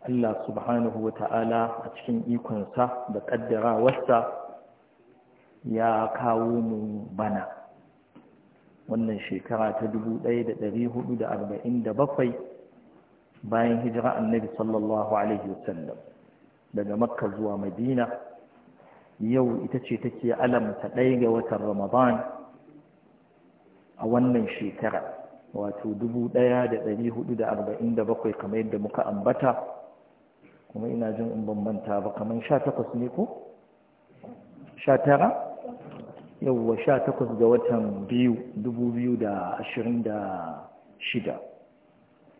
Allah subhanahu wa ta'ala a cikin ikonsa da ƙaddarawarsa ya kawo mu bana wannan shekara ta 1447 bayan hijira annabi sallallahu alaihi wasallam daga makka zuwa madina yau ita ce take alamta ɗaya ga watan ramadan a wannan shekara wato 1447 kamar yadda muka ambata kuma ina jin in bambanta ba kamar sha takwas ne ko? sha tara? yawwa sha takwas ga watan biyu dubu biyu da ashirin da shida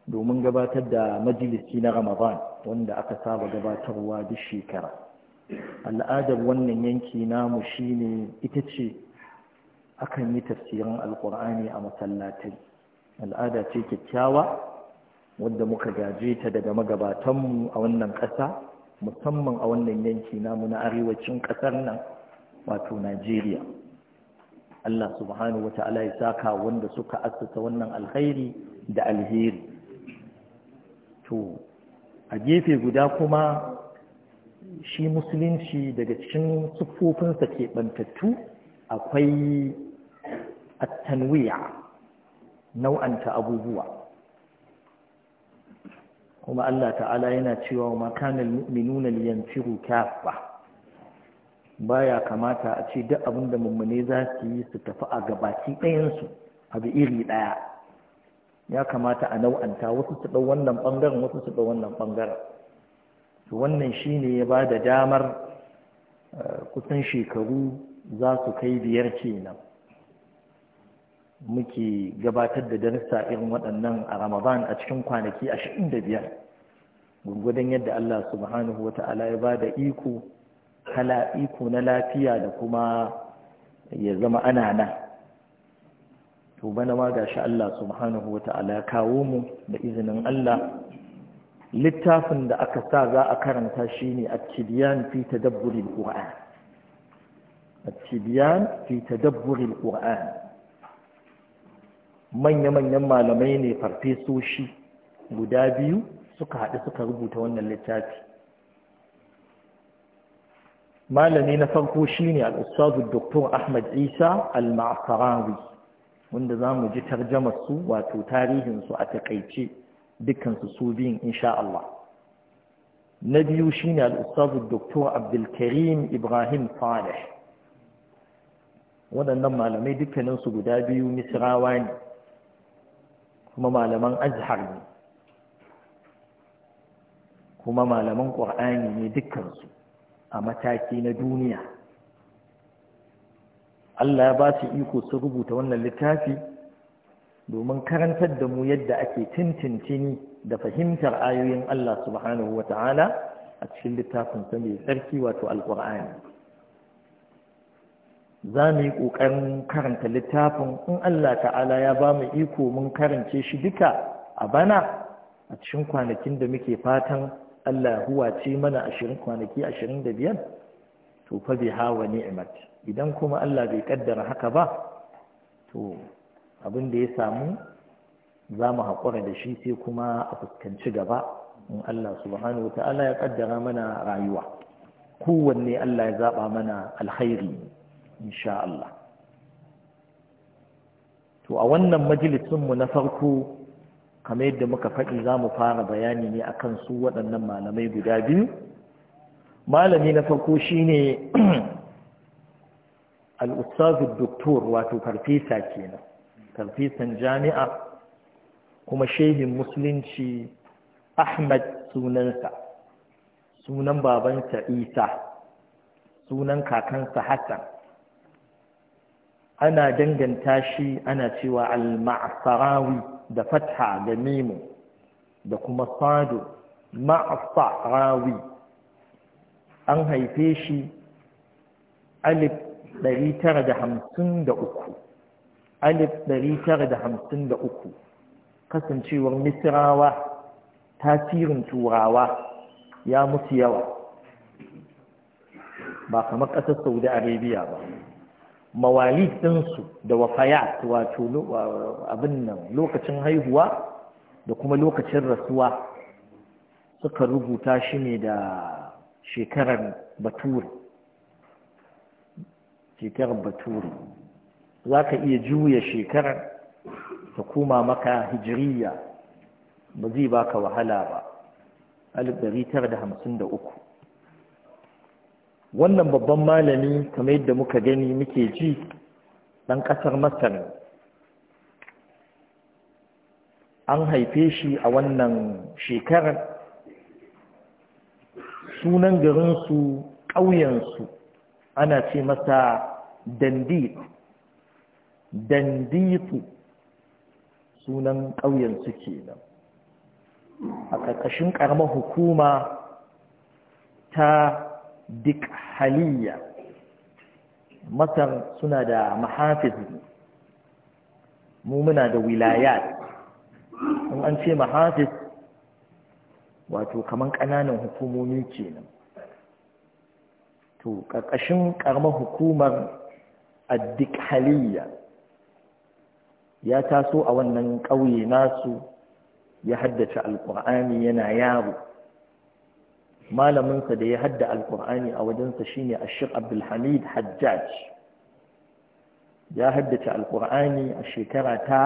domin gabatar da majalisi na ramadan wanda aka saba gabatarwa duk shekara al'adar wannan yanki namu shine ita ce akan yi tafsirin alkur'ani a masallatai al'ada ce kyakkyawa wadda muka gaje ta daga magabatanmu a wannan ƙasa musamman a wannan yanki namu na arewacin ƙasar nan wato Najeriya Allah subhanahu wa ta'ala ya saka wanda suka assasa wannan alkhairi da alheri to a gefe guda kuma shi musulunci daga cikin siffofinsa ɓantattu akwai attanwiya nau'anta abubuwa kuma Allah ta'ala yana cewa wa makanar mu'minuna liyanfiru Ba baya kamata a ce duk abin da mummune za su yi su tafi a gabaki ɗayansu abu iri ɗaya ya kamata a nau'anta wasu su ɗau wannan ɓangaren wasu su ɗau wannan ɓangaren wannan shi ne ya ba da damar eh, kusan shekaru za su kai biyar kenan muke gabatar da darussa irin waɗannan a ramadan a cikin kwanaki ashirin da biyar gurgudan yadda Allah subhanahu wa ta'ala ya ba da iko kala iko na lafiya da kuma ya zama ana na to bana ma gashi Allah subhanahu wa ta'ala ya kawo mu da izinin Allah littafin da aka sa za a karanta shine at-tibyan fi al fi tadabburi al manya-manyan malamai ne farfesoshi guda biyu suka haɗu suka rubuta wannan littafi malami na farko shine ne ustadu Dr. Ahmad Isa al-Ma'sarawi wanda mu ji tarjamar su wato tarihinsu a taƙaice dukkan su biyun insha Allah na biyu shine ne ustadu Dr. Abdul Ibrahim Saleh waɗannan malamai dukkaninsu guda biyu misirawa ne kuma malaman azhar ne kuma malaman ƙur'ani ne dukkansu a mataki na duniya Allah ya ba su iko su rubuta wannan littafi domin karantar da mu yadda ake tintintini da fahimtar ayoyin Allah subhanahu wa ta'ala a cikin littafin sa mai tsarki wato alƙur'ani za mu yi ƙoƙarin karanta littafin in Allah ta'ala ya ba mu iko mun karance shi duka a bana a cikin kwanakin da muke fatan Allah huwa ce mana ashirin kwanaki ashirin da biyar to fa bi hawa ni'imat idan kuma Allah bai kaddara haka ba to abin da ya samu za mu haƙura da shi sai kuma a fuskanci gaba in Allah subhanahu wa ta'ala ya kaddara mana rayuwa kowanne Allah ya zaɓa mana alkhairi insha Allah to a wannan majalisunmu na farko kamar yadda muka faɗi za mu fara bayani ne akan su waɗannan malamai guda biyu malami na farko shi shine al'ustazu doktor wato farfesa kenan farfesan jami'a kuma shehin musulunci ahmad sunansa sunan babansa isa sunan kakansa hassan ana danganta shi ana cewa al-ma'sarawi da fatha da mimu da kuma sado ma'sarawi an haife shi alif 953 alif 953 kasancewar misrawa tasirin turawa ya mutu yawa ba kamar ƙasar saudi arabia ba mawalid ɗinsu da wafayat wato abin nan lokacin haihuwa da kuma lokacin rasuwa suka rubuta shi ne da shekarar baturi shekarar baturi za ka iya juya shekarar ta koma maka hijiriya ba zai baka wahala ba 1953 wannan babban malami kamar yadda muka gani muke ji ɗan ƙasar masar an haife shi a wannan shekarar sunan garinsu ƙauyensu ana ce masa dandit danditu sunan ƙauyensu kenan a ƙarƙashin ƙaramar hukuma ta dik haliya masar suna da mahafiz mu muna da wilayat in an ce mahafiz wato kaman ƙananan hukumomi kenan to ƙarƙashin ƙaramar hukumar addik haliya ya taso a wannan ƙauye nasu ya haddace alƙur'ani yana yaro malaminsa da ya hadda alkur'ani a wajensa shine ashir abdulhamid hajjaj ya haddace alkur'ani a shekara ta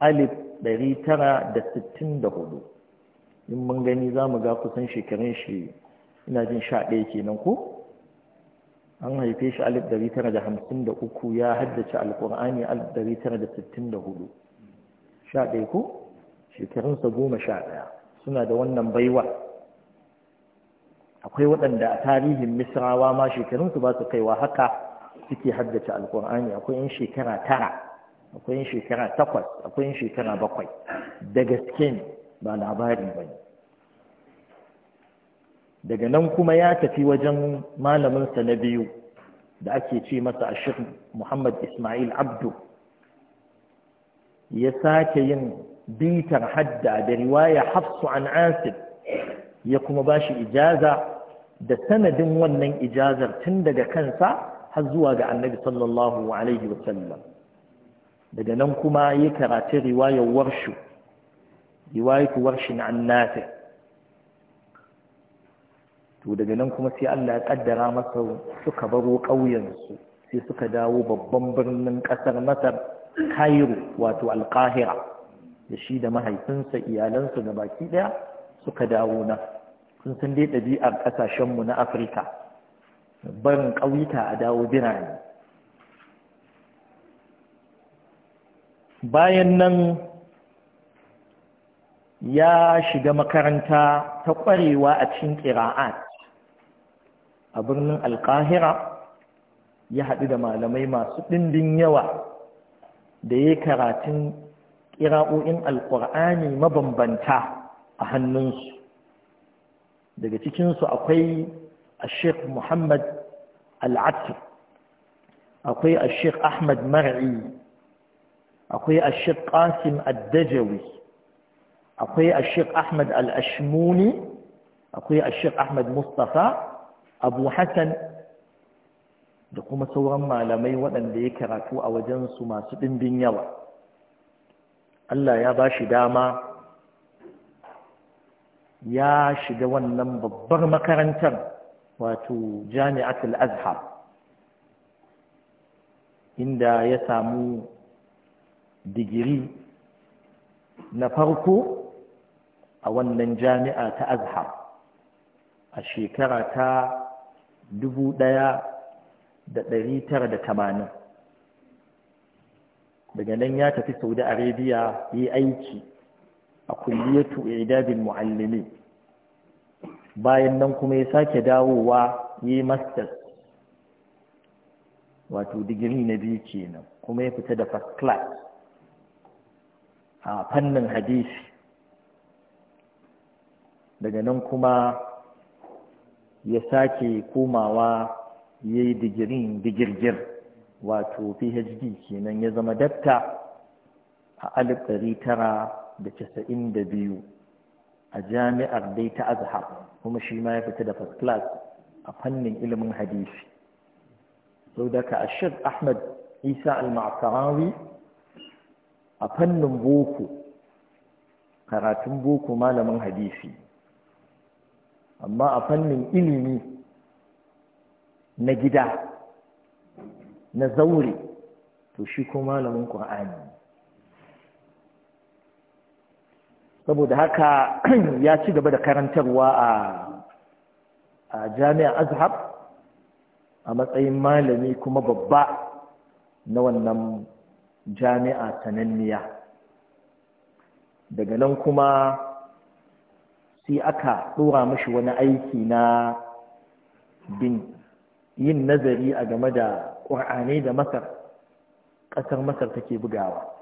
alif ɗari tara da sittin da hudu in mun gani za mu ga kusan shekarun shi ina jin sha ɗaya kenan ko an haife shi alif ɗari tara da hamsin da uku ya haddace alkur'ani alif ɗari tara da sittin da hudu sha ɗaya ko shekarunsa goma sha ɗaya suna da wannan baiwa akwai waɗanda a tarihin misrawa ma shekarunsu ba su kaiwa haka suke haddace alkur'ani akwai yin shekara tara akwai yin shekara takwas akwai yin shekara bakwai da gaske ne ba labari ba ne daga nan kuma ya tafi wajen malaminsa na biyu da ake ce masa a shirin muhammad ismail abdu ya sake yin bitar hadda da riwaya hafsu an asib ya kuma ba shi ijaza da sanadin wannan ijazar tun daga kansa har zuwa ga annabi sallallahu alaihi wasallam daga nan kuma ya karatu riwayar warshu riwayatu warshin annati to daga nan kuma sai Allah ya kaddara masa suka baro ƙauyensu sai suka dawo babban birnin ƙasar Masar Cairo wato Alƙahira da shi da mahaifinsa iyalansa da baki ɗaya suka dawo na. sun san dai ɗabi'ar ƙasashenmu na afirka barin ƙauyuka a dawo birane bayan nan ya shiga makaranta ta ƙwarewa a cikin ƙira'at a birnin alƙahira ya haɗu da malamai masu ɗindin yawa da ya karatun ƙira'o'in alƙur'ani mabambanta a hannunsu daga cikinsu akwai a sheikh muhammad al'atu akwai a sheikh ahmad mar'i akwai a sheikh qasim addajawi akwai a sheikh ahmad al'ashmuni akwai a sheikh ahmad mustapha abu hassan da kuma sauran malamai waɗanda ya karatu a wajensu masu ɗimbin yawa allah ya bashi dama ya shiga wannan babbar makarantar wato jami'atul azhar inda ya samu digiri na farko a wannan jami'a ta azhar a shekara ta dubu ɗaya da da ɗari tara tamanin. daga nan ya tafi saudi arabia yi aiki a kulliyatu idadil muallimi bayan nan kuma ya sake dawowa yi masters wato digiri na biyu kenan kuma ya fita da first class a fannin hadisi daga nan kuma ya sake komawa ya yi digirin digirgir wato phd kenan ya zama datta a alif ɗari tara da casa'in da biyu a jami'ar dai ta azhar kuma shi ma ya fita da first class a fannin ilimin hadisi sau daga ashir ahmad isa al-ma'asarawi a fannin boko karatun boko malamin hadisi amma a fannin ilimi na gida na zaure to shi ko malamin ƙwa'ani saboda haka ya ci gaba da karantarwa a jami'ar Azhab, a matsayin malami kuma babba na wannan jami'a sananniya daga nan kuma sai aka ɗora mashi wani aiki na bin yin nazari a game da ƙwar'ane da masar ƙasar masar take bugawa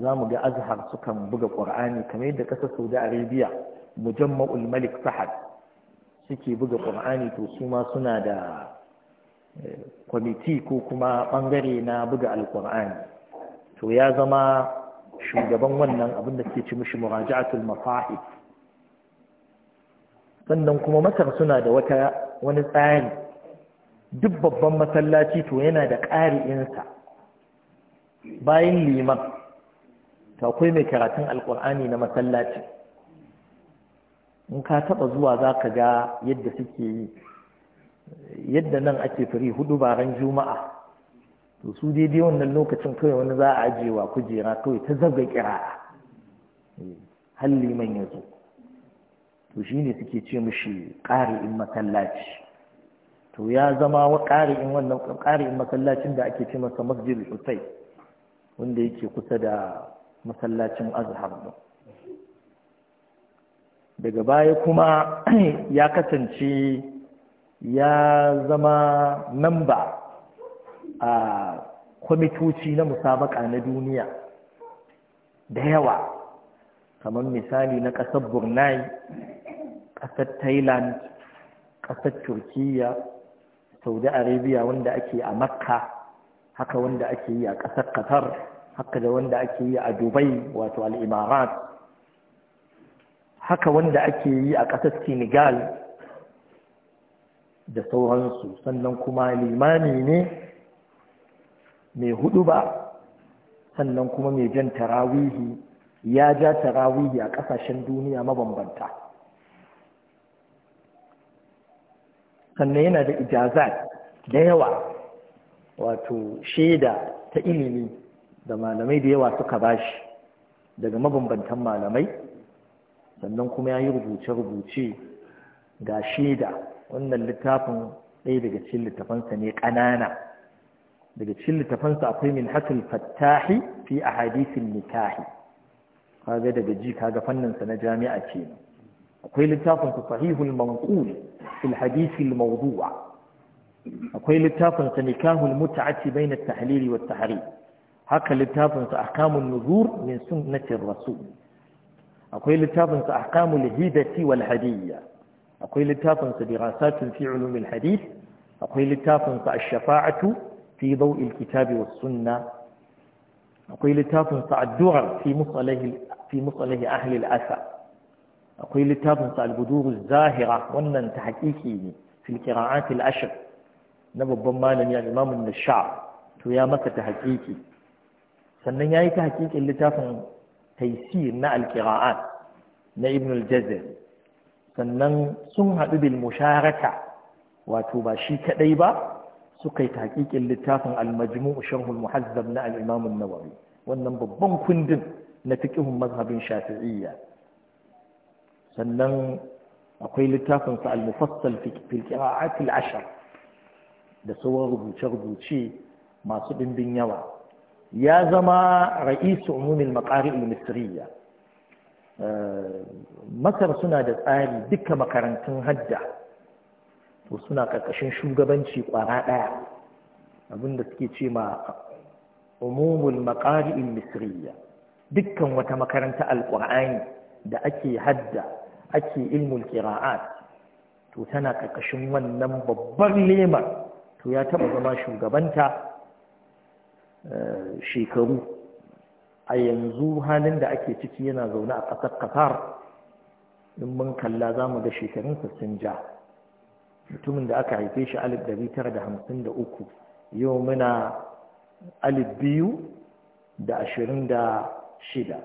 za mu ga azhar sukan buga ƙur'ani kamar yadda ƙasar saudi arabia mujamma'ul malik fahad suke buga ƙur'ani to su ma suna da eh, kwamiti ko kuma ɓangare na buga alƙur'ani to ya zama shugaban wannan abin da ke ci mishi muraja'atul mafahif sannan kuma masar suna da wata wani tsari duk babban masallaci to yana da ƙari'insa bayan liman to akwai mai karatun alkur'ani na masallaci in ka taɓa zuwa za ka ga yadda suke yi yadda nan ake firi hudu baran juma'a to su daidai wannan lokacin kawai wani za a ajiyewa kujera kawai ta zaga kira halli man ya zo to shi ne suke ce mishi ƙari'in masallaci to ya zama wa ƙari'in wannan ƙari'in masallacin da ake ce masa masjid sosai wanda yake kusa da masallacin azhar daga baya kuma ya kasance ya zama namba a kwamitoci na musabaka na duniya da yawa kamar misali na ƙasar burnai ƙasar thailand ƙasar turkiya saudi arabia wanda ake a makka haka wanda ake yi a ƙasar qatar haka da wanda ake yi a dubai wato al al'imarat haka wanda ake yi a ƙasar senegal da sauransu sannan kuma limani ne mai hudu ba sannan kuma mai jan tarawihi ya ja tarawihi a ƙasashen duniya mabambanta sannan yana da ijazat da yawa wato shaida ta ilimi da malamai da yawa suka bashi daga mabambantan malamai sannan kuma ya yi rubuce-rubuce ga shaida, wannan littafin ɗaya daga cikin littafansa ne ƙanana daga cikin littafansa akwai min hakil fattahi fi a hadisin nikahi kaga daga ji kaga fanninsa na jami'a ce akwai littafin su sahihul manqul fil hadisil mawdu'a akwai littafin sa nikahul mut'ati bainat tahlili wat tahrim haka littafinsa ahkamun nuzur min sunnatir rasul akwai littafinsa ahkamul hidati wal hadiyya akwai littafinsa dirasatun fi ulumil hadith akwai littafinsa ash-shafa'atu fi daw'il kitabi was sunna akwai littafinsa addu'a fi musalahi fi musalahi ahli al-asa akwai littafinsa al-budur az-zahira wannan ta hakiki ne fil qira'at al-ashr na babban malami al-imam an-nashar to ya maka ta hakiki sannan ya yi ta hakikin littafin taisir na alkira'a na ibn al-jazir sannan sun haɗu bil musharaka wato ba shi kaɗai ba suka yi hakikin littafin al-majmu'u sharhul muhazzab na al-imam nawawi wannan babban kundin na fiqhun mazhabin shafi'iyya sannan akwai littafin sa al-mufassal fil qira'at al-ashr da sauran rubuce-rubuce masu ɗimbin yawa ya zama ra'isu umumin makari misriya masar suna da tsari duka makarantun hadda to suna karkashin shugabanci kwara daya abinda suke ce ma umumul makari misriya dukkan wata makaranta alkur'ani da ake hadda ake ilmul kira'at to tana karkashin wannan babban lemar to ya taɓa zama shugabanta shekaru a yanzu halin da ake ciki yana zaune a ƙasar qatar in mun kalla za mu ga shekarunsa sun ja mutumin da aka haife shi alif ɗari tara da hamsin da uku yau muna alif biyu da ashirin da shida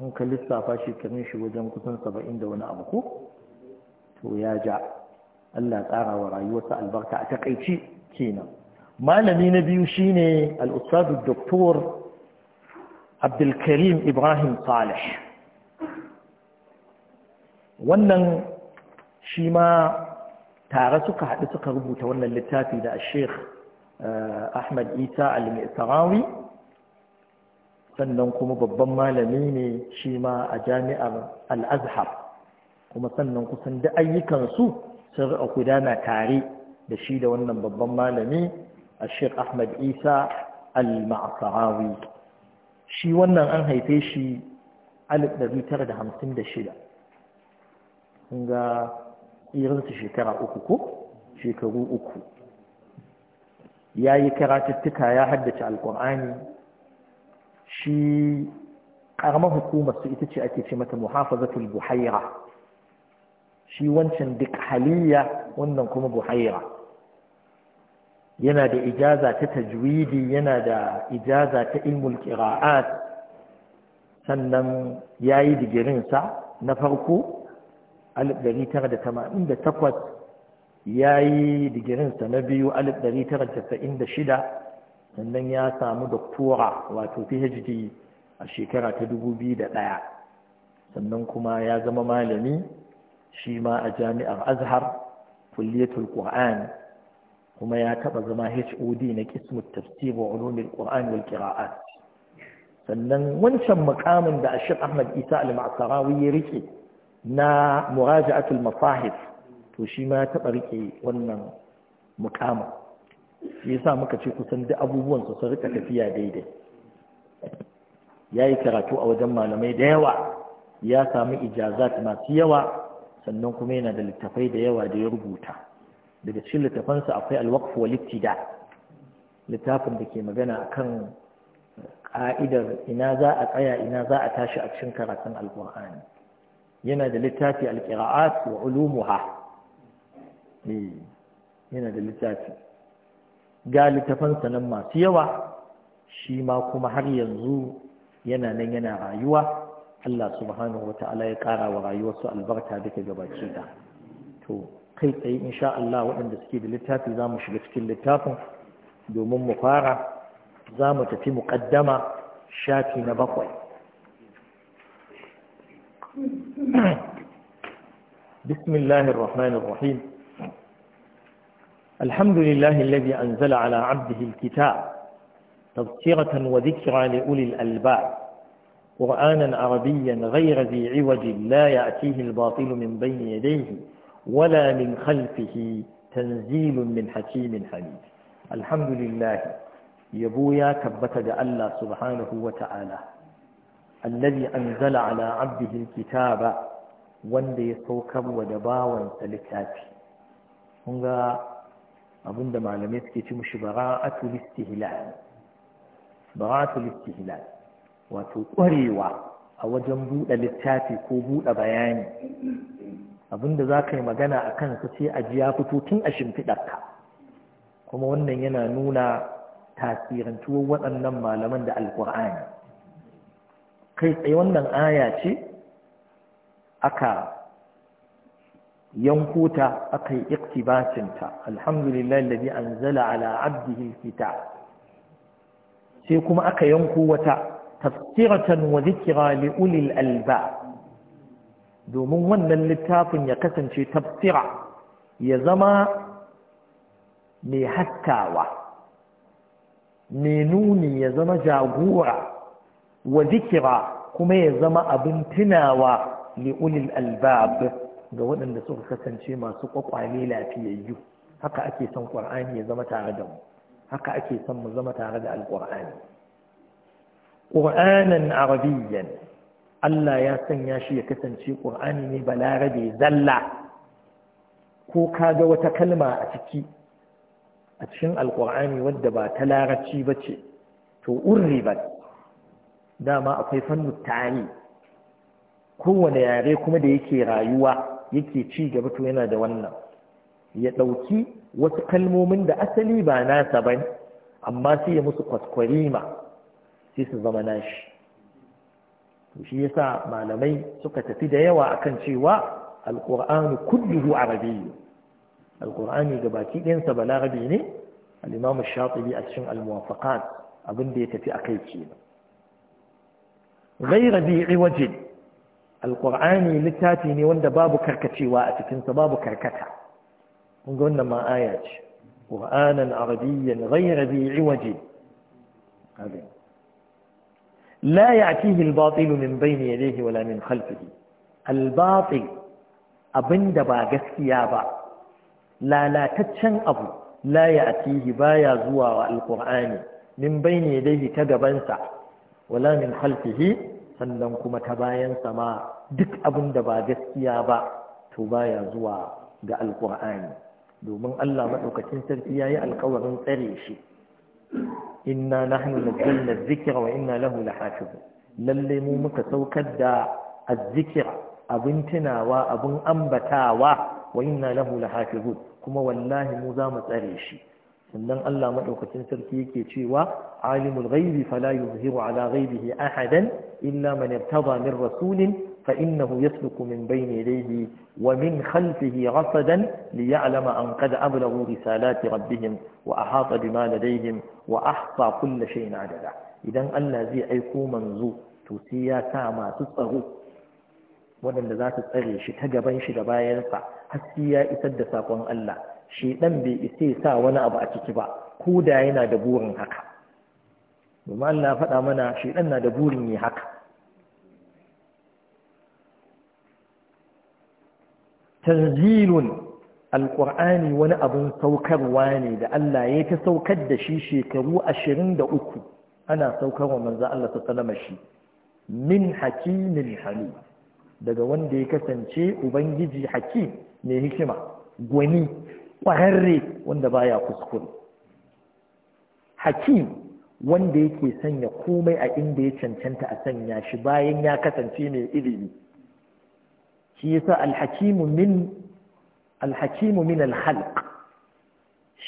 in ka lissafa shekarun shi wajen kusan saba'in da wani abu ko to ya ja Allah tsara wa rayuwarsa albarka a takaici kenan malami na biyu shine al-ustadu doktor abdulkarim ibrahim salih wannan shi ma tare suka haɗu suka rubuta wannan littafi da sheikh eh, ahmad isa al-mi'tarawi sannan kuma babban malami ne shi ma a jami'ar al-azhar kuma sannan kusan da ayyukansu sun riƙa gudana tare da shi da wannan babban malami الشيخ أحمد Isa المعصراوي shi wannan an haife shi 1956 kun ga irinsu shekara uku ko shekaru uku ya yi karatuttuka ya haddace alkur'ani shi ƙaramar hukumar su ita ce ake ce mata muhafazatul buhaira shi wancan duk haliya wannan kuma buhaira yana da ijaza ta tajwidi yana da ijaza ta ilmul qira'at sannan yayi digirin sa na farko 1988 yayi digirin sa na biyu 1996 sannan ya samu doktora wato PhD a shekara ta 2001 sannan kuma ya zama malami shi ma a jami'ar Azhar kulliyatul Qur'an kuma ya taɓa zama HOD na kismut tafsir wa ulumul Qur'an wal qira'at sannan wancan mukamin da Ashir Ahmad Isa al-Ma'sarawi ya rike na muraja'atul mafahis, to shi ma ya taba rike wannan mukamin shi yasa muka ce kusan duk abubuwan su sun rika tafiya daidai yayi karatu a wajen malamai da yawa ya samu ijazat masu yawa sannan kuma yana da littafai da yawa da ya rubuta daga cikin littafansa akwai alwaqf wal littafin da ke magana kan ƙa'idar ina za a tsaya ina za a tashi a cikin karatun alqur'ani yana da littafi alqira'at wa ulumuha eh, yana da littafi ga littafansa nan masu yawa shi ma kuma har yanzu yana nan yana rayuwa Allah subhanahu wa ta'ala ya ƙara wa rayuwarsu albarka duka gabaci ta to kai tsaye insha Allah waɗanda suke da littafi za mu shiga cikin littafin domin mu fara za mu tafi muƙaddama shafi na bakwai بسم الله الرحمن الرحيم الحمد لله الذي أنزل على عبده الكتاب تذكرة وذكرى لأولي الألباب قرآنا عربيا غير ذي عوج لا يأتيه الباطل من بين يديه ولا من خلفه تنزيل من حكيم Yabo ya لله da Allah Subhanahu سبحانه وتعالى الذي أنزل على عبده الكتاب wanda ya saukar wa da bawansa littafi kun ga abin da malamai suke ci mushi bara'atul istihlal wato ƙwarewa a wajen buɗe littafi ko buɗe bayani abinda za ka yi magana a kansa sai a ji ya fito tun a shimfiɗarka kuma wannan yana nuna tasirantuwar waɗannan malaman da alƙur'ani kai tsaye wannan aya ce aka yanko ta aka yi iktibacinta alhamdulillah lalzi an zala ala abdihi kita sai kuma aka yanko wata tafsiratan wa zikira li ulil alba domin wannan littafin ya kasance tafsira ya zama mai hattawa, mai nuni ya zama jagora wa zikira kuma ya zama abin tunawa ulil albab ga waɗanda suka kasance masu kwakwale lafiyayyu haka ake son ƙwar'ani ya zama tare da mu haka ake son mu zama tare da alƙwar'ani ƙwar'anan arabiyyan Allah ya sanya shi ya kasance ƙur'ani ne balarabe zalla ko kaga ga wata kalma a ciki a cikin alƙur'ani wadda ba ta larabci ba ce to urribat dama akwai fannin tari kowane yare kuma da yake rayuwa yake ci gaba to yana da wannan ya ɗauki wasu kalmomin da asali ba nasa ba amma sai ya musu kwaskwarima sai su zama nashi shi yasa malamai suka tafi da yawa akan cewa alqur'anu kulluhu arabiyyu alqur'ani baki ɗayansa balarabi ne al-imam a cikin al-muwafaqat abin da ya tafi akai kenan ghayra bi'i wajin alƙur'ani littafi ne wanda babu karkacewa a cikinsa babu karkata kun ga wannan ma aya ce qur'anan arabiyyan ghayra bi'i wajin لا يأتيه الباطل من بين يديه ولا من خلفه الباطل abin da ba gaskiya ba lalataccen abu la ya atihi baya zuwa wa alkur'ani min bayne dai ta gabansa wala min khalfihi sannan kuma ta bayansa ma duk abin da ba gaskiya ba to baya zuwa ga alkur'ani domin Allah maɗaukacin sarki yayi alƙawarin tsare shi inna nahnu nazzalna adh-dhikra wa inna lahu lahafizun lalle mu muka saukar da adh-dhikra abin tunawa abin ambatawa wa inna lahu lahafizun kuma wallahi mu za mu tsare shi sannan Allah madaukakin sarki yake cewa alimul ghaibi fala yuzhiru ala ghaibihi ahadan illa man irtada min rasulin فإنه يسلك من بين يديه ومن خلفه رصدا ليعلم أن قد أبلغوا رسالات ربهم وأحاط بما لديهم وأحصى كل شيء عددا إذن ألا زي أيكو منزو تسيا تاما تصغو ودن ذا تصغي شتاق بنش دبا ينفع هسيا إسد ساقوان ألا شيئا بي إسي سا وانا أبا أتكبا كودا ينا دبورن هكا وما ألا فتا منا شيئا دبورن هكا tanzilun alƙur'ani wani abin saukarwa ne da Allah ya ta saukar da shi shekaru ashirin da uku ana saukarwa manza Allah ta salama shi min hakimin hali daga wanda ya kasance ubangiji hakim mai hikima gwani ƙwararre wanda baya kuskure hakim wanda yake sanya komai a inda ya cancanta a sanya shi bayan ya kasance mai ilimi shi yasa alhakimu min alhakimu min alhalq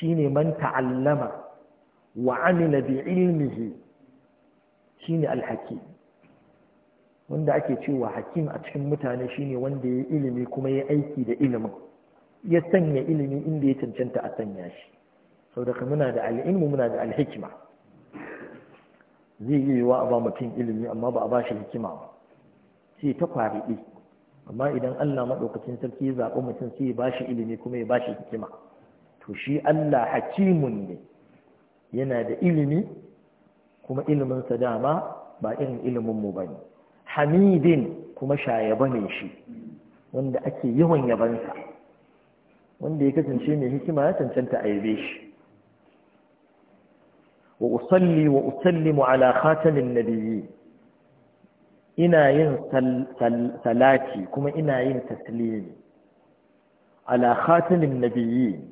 shine man ta'allama wa amila bi ilmihi shine alhakim wanda ake cewa hakim a cikin mutane shine wanda ya ilimi kuma ya aiki da ilimin ya sanya ilimi inda ya cancanta a sanya shi saboda muna da al'ilmu muna da alhikima zai yi wa a ba mutum ilimi amma ba a ba shi hikima ba sai ta ɗi. amma idan Allah maɗaukacin sarki ya zaɓi mutum sai ya ba shi ilimi kuma ya ba shi hikima to shi Allah hakimun ne yana da ilimi kuma ilimin sa dama ba irin ilimin mu bane hamidin kuma shayaba ne shi wanda ake yawan yabansa wanda ya kasance mai hikima ya cancanta a yabe shi wa usalli wa usallimu ala khatamin nabiyyi ina yin salati kuma ina yin taslimi ala khatimin nabiyyin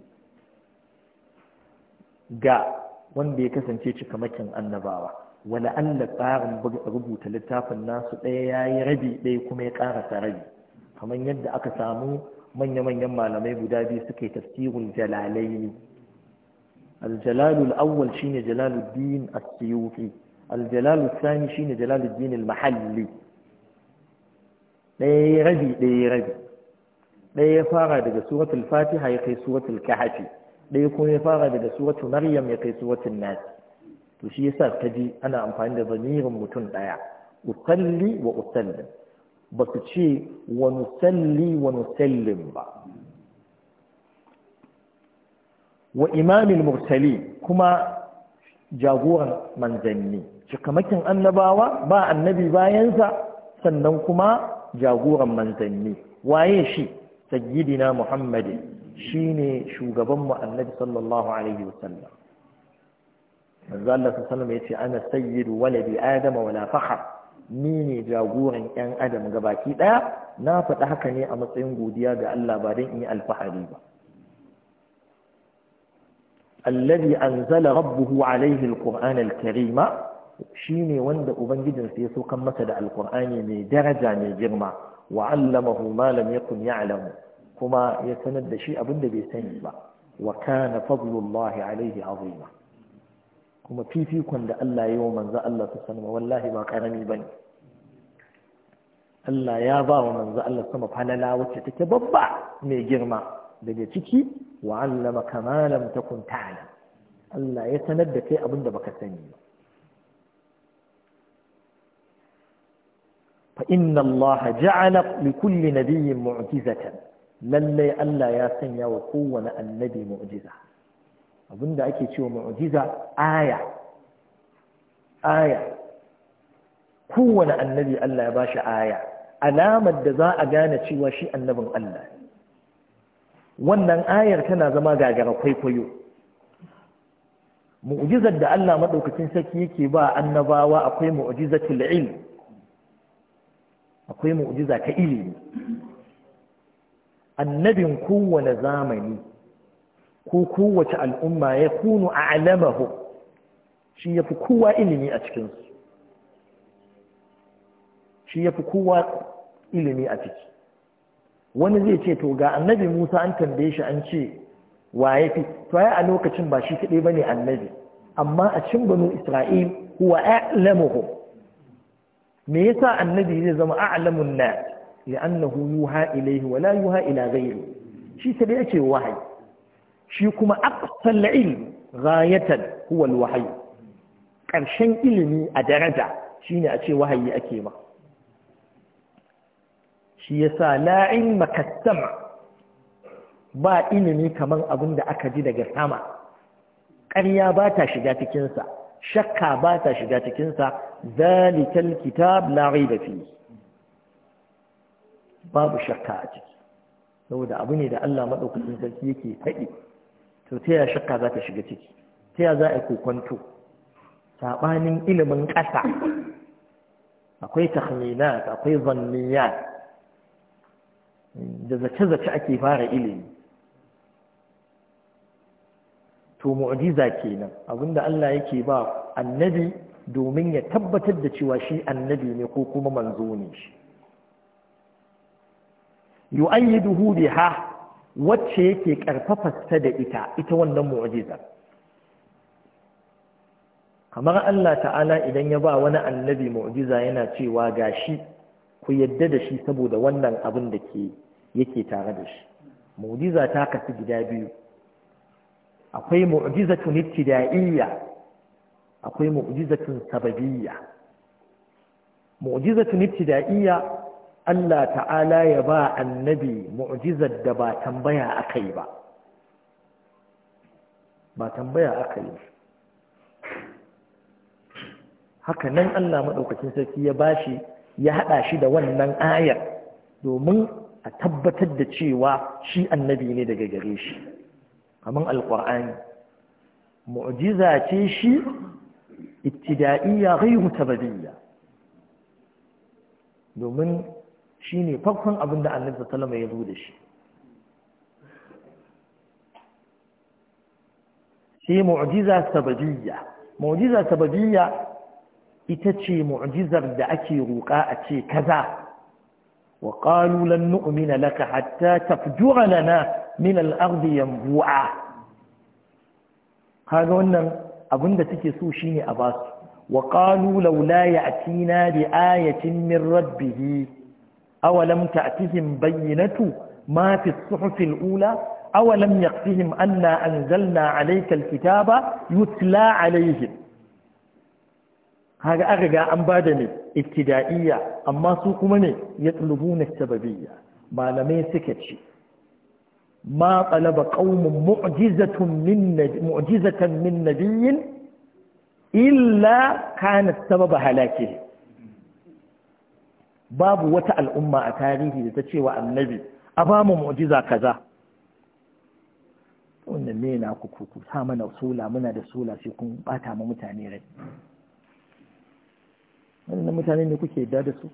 ga wanda ya kasance cikamakin annabawa wala Allah tsarin rubuta littafin nasu ɗaya ya yi rabi ɗaya kuma ya ƙarasa rabi kamar yadda aka samu manya-manyan malamai guda biyu suka yi tafsirin jalalai aljalalul awwal shine jalaluddin as-suyuti الجلال الثاني شين جلال الدين المحلي ɗaya ya rabi ɗaya ya rabi ɗaya ya fara daga suratul fatiha ya kai suratul kahfi ɗaya kuma ya fara daga suratul maryam ya kai suratul nas to shi yasa ta ji ana amfani da zamirin mutum ɗaya usalli wa usallim ba su ce wa nusalli wa nusallim ba wa imamil mursali kuma jagoran manzanni cikamakin annabawa ba annabi bayansa sannan kuma jagoran manzanni waye shi sayyidina muhammad shine shugaban mu annabi sallallahu alaihi wasallam manzo Allah sallallahu alaihi yace ana sayyidu waladi adama wala fakhar ni ne jagoran yan adam gabaki daya na faɗi haka ne a matsayin godiya ga Allah ba dan in yi alfahari ba الذي أنزل ربه عليه القرآن الكريم Shi ne wanda ubangijinsa ya saukan masa da alkur'ani mai daraja mai girma wa allamahu malam ya yakun ya'lamu kuma ya sanar da shi abin da bai sani ba wa kana fadlullahi alaihi azima kuma fifikon da Allah yi wa manzo Allah ta sanwa wallahi ba karami bane Allah ya ba wa manzo Allah sama falala wacce take babba mai girma daga ciki wa allama kama lam takun ta'lam Allah ya sanar da kai abin da baka sani ba فإن الله جعل لكل نبي معجزة للي ألا ياسن وقوة النبي معجزة أظن ده أكيد شو معجزة آية آية قوة النبي ألا يباش آية علامة دزاء جانت شو شيء النبي ألا wannan ayar tana zama gagara kwaikwayo mu'jizar da Allah madaukakin sarki yake ba annabawa akwai mu'jizatul ilm akwai mu'jiza ta ilimi annabin kowane zamani ko kowace al'umma ya kunu a alamahu shi ya fi kowa ilimi a cikinsu shi ya kowa ilimi a ciki wani zai ce to ga annabi musa an tambaye shi an ce wa ya fi to ya a lokacin ba shi kaɗai ba ne annabi amma a cin banu isra'il huwa Alamahu? me yasa annabi zai zama a'lamun nas li'annahu yuha ilayhi wa la yuha ila ghayri shi da yake wahayi shi kuma aqsal ilm ghayatan huwa al karshen ilimi a daraja shine a ce wahayi ake ma shi yasa la ilma kasama ba ilimi kaman abin da aka ji daga sama ƙarya ba ta shiga cikinsa shakka ba ta shiga cikinsa zalikal kitab la fi babu shakka a ciki saboda abu ne da Allah madaukakin sarki yake faɗi to ta yaya shakka za ta shiga ciki ta yaya za a kokonto sabanin ilimin ƙasa akwai tahminat akwai zanniyat da zace-zace ake fara ilimi to mu'jiza kenan abinda Allah yake ba annabi domin ya tabbatar da cewa shi annabi ne ko kuma manzo ne shi yu'ayyiduhu biha wacce yake karfafa da ita ita wannan mu'jiza kamar Allah ta'ala idan ya ba wani annabi mu'jiza yana cewa gashi ku yadda da shi saboda wannan abin da ke yake tare da shi mu'jiza ta kasu gida biyu akwai mu'jizatun ibtida'iyya akwai mu'jizatun sababiyya mu'jizatun ibtida'iyya Allah ta'ala ya ba annabi mu'jizar da ba tambaya akai ba ba tambaya akai haka nan Allah madaukakin sarki ya bashi ya hada shi da wannan ayar domin a tabbatar da cewa shi annabi ne daga gare shi kamar alƙur'ani mu'jiza ce shi ibtida'iyya ghayru tabadiyya domin shine farkon abin da Annabi sallallahu alaihi wasallam ya zo da shi sai mu'jiza sabadiyya mu'jiza sabadiyya ita ce mu'jizar da ake roƙa a ce kaza wa qalu lan nu'mina laka hatta tafjura lana من الأرض ينبوعا هذا هو أبن تكسو شيني أباس وقالوا لو لا يأتينا لآية من ربه أولم تأتهم بينة ما في الصحف الأولى أولم يقفهم أنا أنزلنا عليك الكتاب يتلى عليهم هذا أغغى أم بعدني ابتدائية أما سوق مني يطلبون السببية ما لم يسكت شيء ما طلب قوم معجزة من معجزة من نبي Babu wata al'umma a tarihi da ta cewa annabi, النبي أبام معجزة كذا wannan me na ku ku sa mana sula muna da sula sai kun bata ma mutane rai wannan mutane ne kuke da da su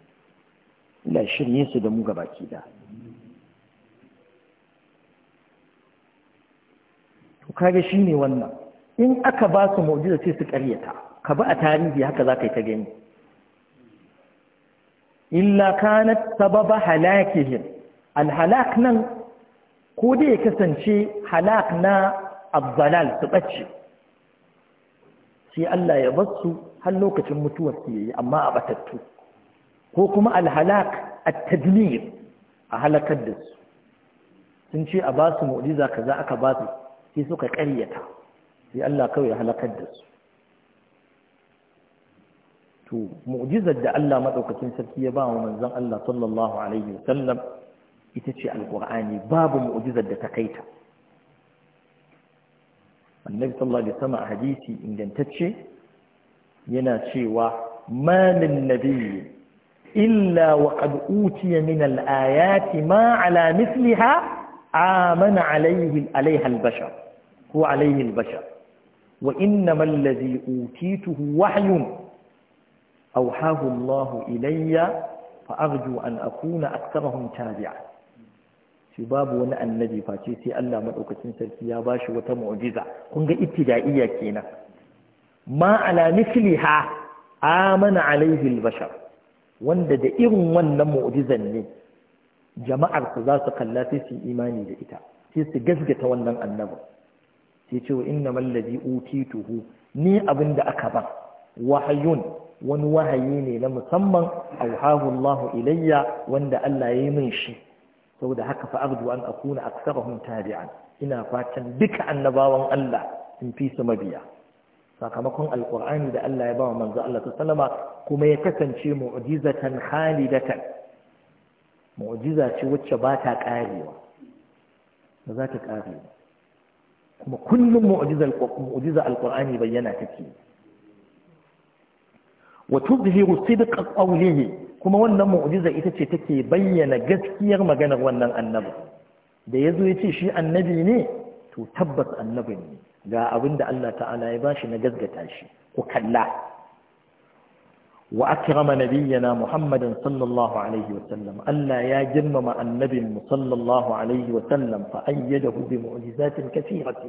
ila shirye su da mu gabaki da kage shi ne wannan in aka ba su mu'jiza sai su karyata ka ba a tarihi haka za ka yi ta gani illa kanat sababa halakihim alhalak nan ko da ya kasance halak na abbalal su ɓace sai Allah ya basu har lokacin mutuwar su yayi amma a batattu ko kuma alhalak at-tadmir a halakar da su sun ce a ba su mu'jiza kaza aka ba su sai suka karyata sai Allah kawai ya halakar da su to mu'jizar da Allah madaukakin sarki ya ba wa manzon Allah sallallahu alaihi wasallam ita ce alqur'ani babu mu'jizar da ta kaita annabi sallallahu alaihi wasallam hadisi ingantacce yana cewa ma min nabiyyi illa wa qad utiya min al-ayati ma ala mithliha amana alaihi alaiha albashar ko alaihi albashar wa innama allazi utituhu wahyun awhahu Allah ilayya fa arju an akuna aktharahum tabi'a shi babu wani annabi face sai Allah madaukakin sarki ya bashi wata mu'jiza kun ga ibtida'iyya kenan ma ala mithliha amana alaihi albashar wanda da irin wannan mu'jizan ne jama'ar su za su kalla sai su imani da ita sai su gaskata wannan annabi sai ce wa inna mallazi utituhu ni abin da aka ba wahayun wani wahayi ne na musamman auhahu Allah ilayya wanda Allah ya yi min shi saboda haka fa arju an akuna aksarahum tabi'an ina fatan duka annabawan Allah in fi su mabiya sakamakon alqur'ani da Allah ya ba wa manzo Allah sallama kuma ya kasance mu'jizatan khalidatan mu'jiza ce wacce ba ta karewa ba za ta kare kuma kullum mu'jiza alqur'ani bayyana take wa tuzhiru sidqa qawlihi kuma wannan mu'jiza ita ce take bayyana gaskiyar maganar wannan annabi da yazo yace shi annabi ne to tabbas annabi ne ga abin da Allah ta'ala ya bashi na gaskata shi ku kalla wa akrama nabiyyana muhammadin sallallahu alaihi wa sallam Allah ya girmama annabinmu mu sallallahu alaihi wa sallam fa ayyadahu bi mu'jizatin kathirati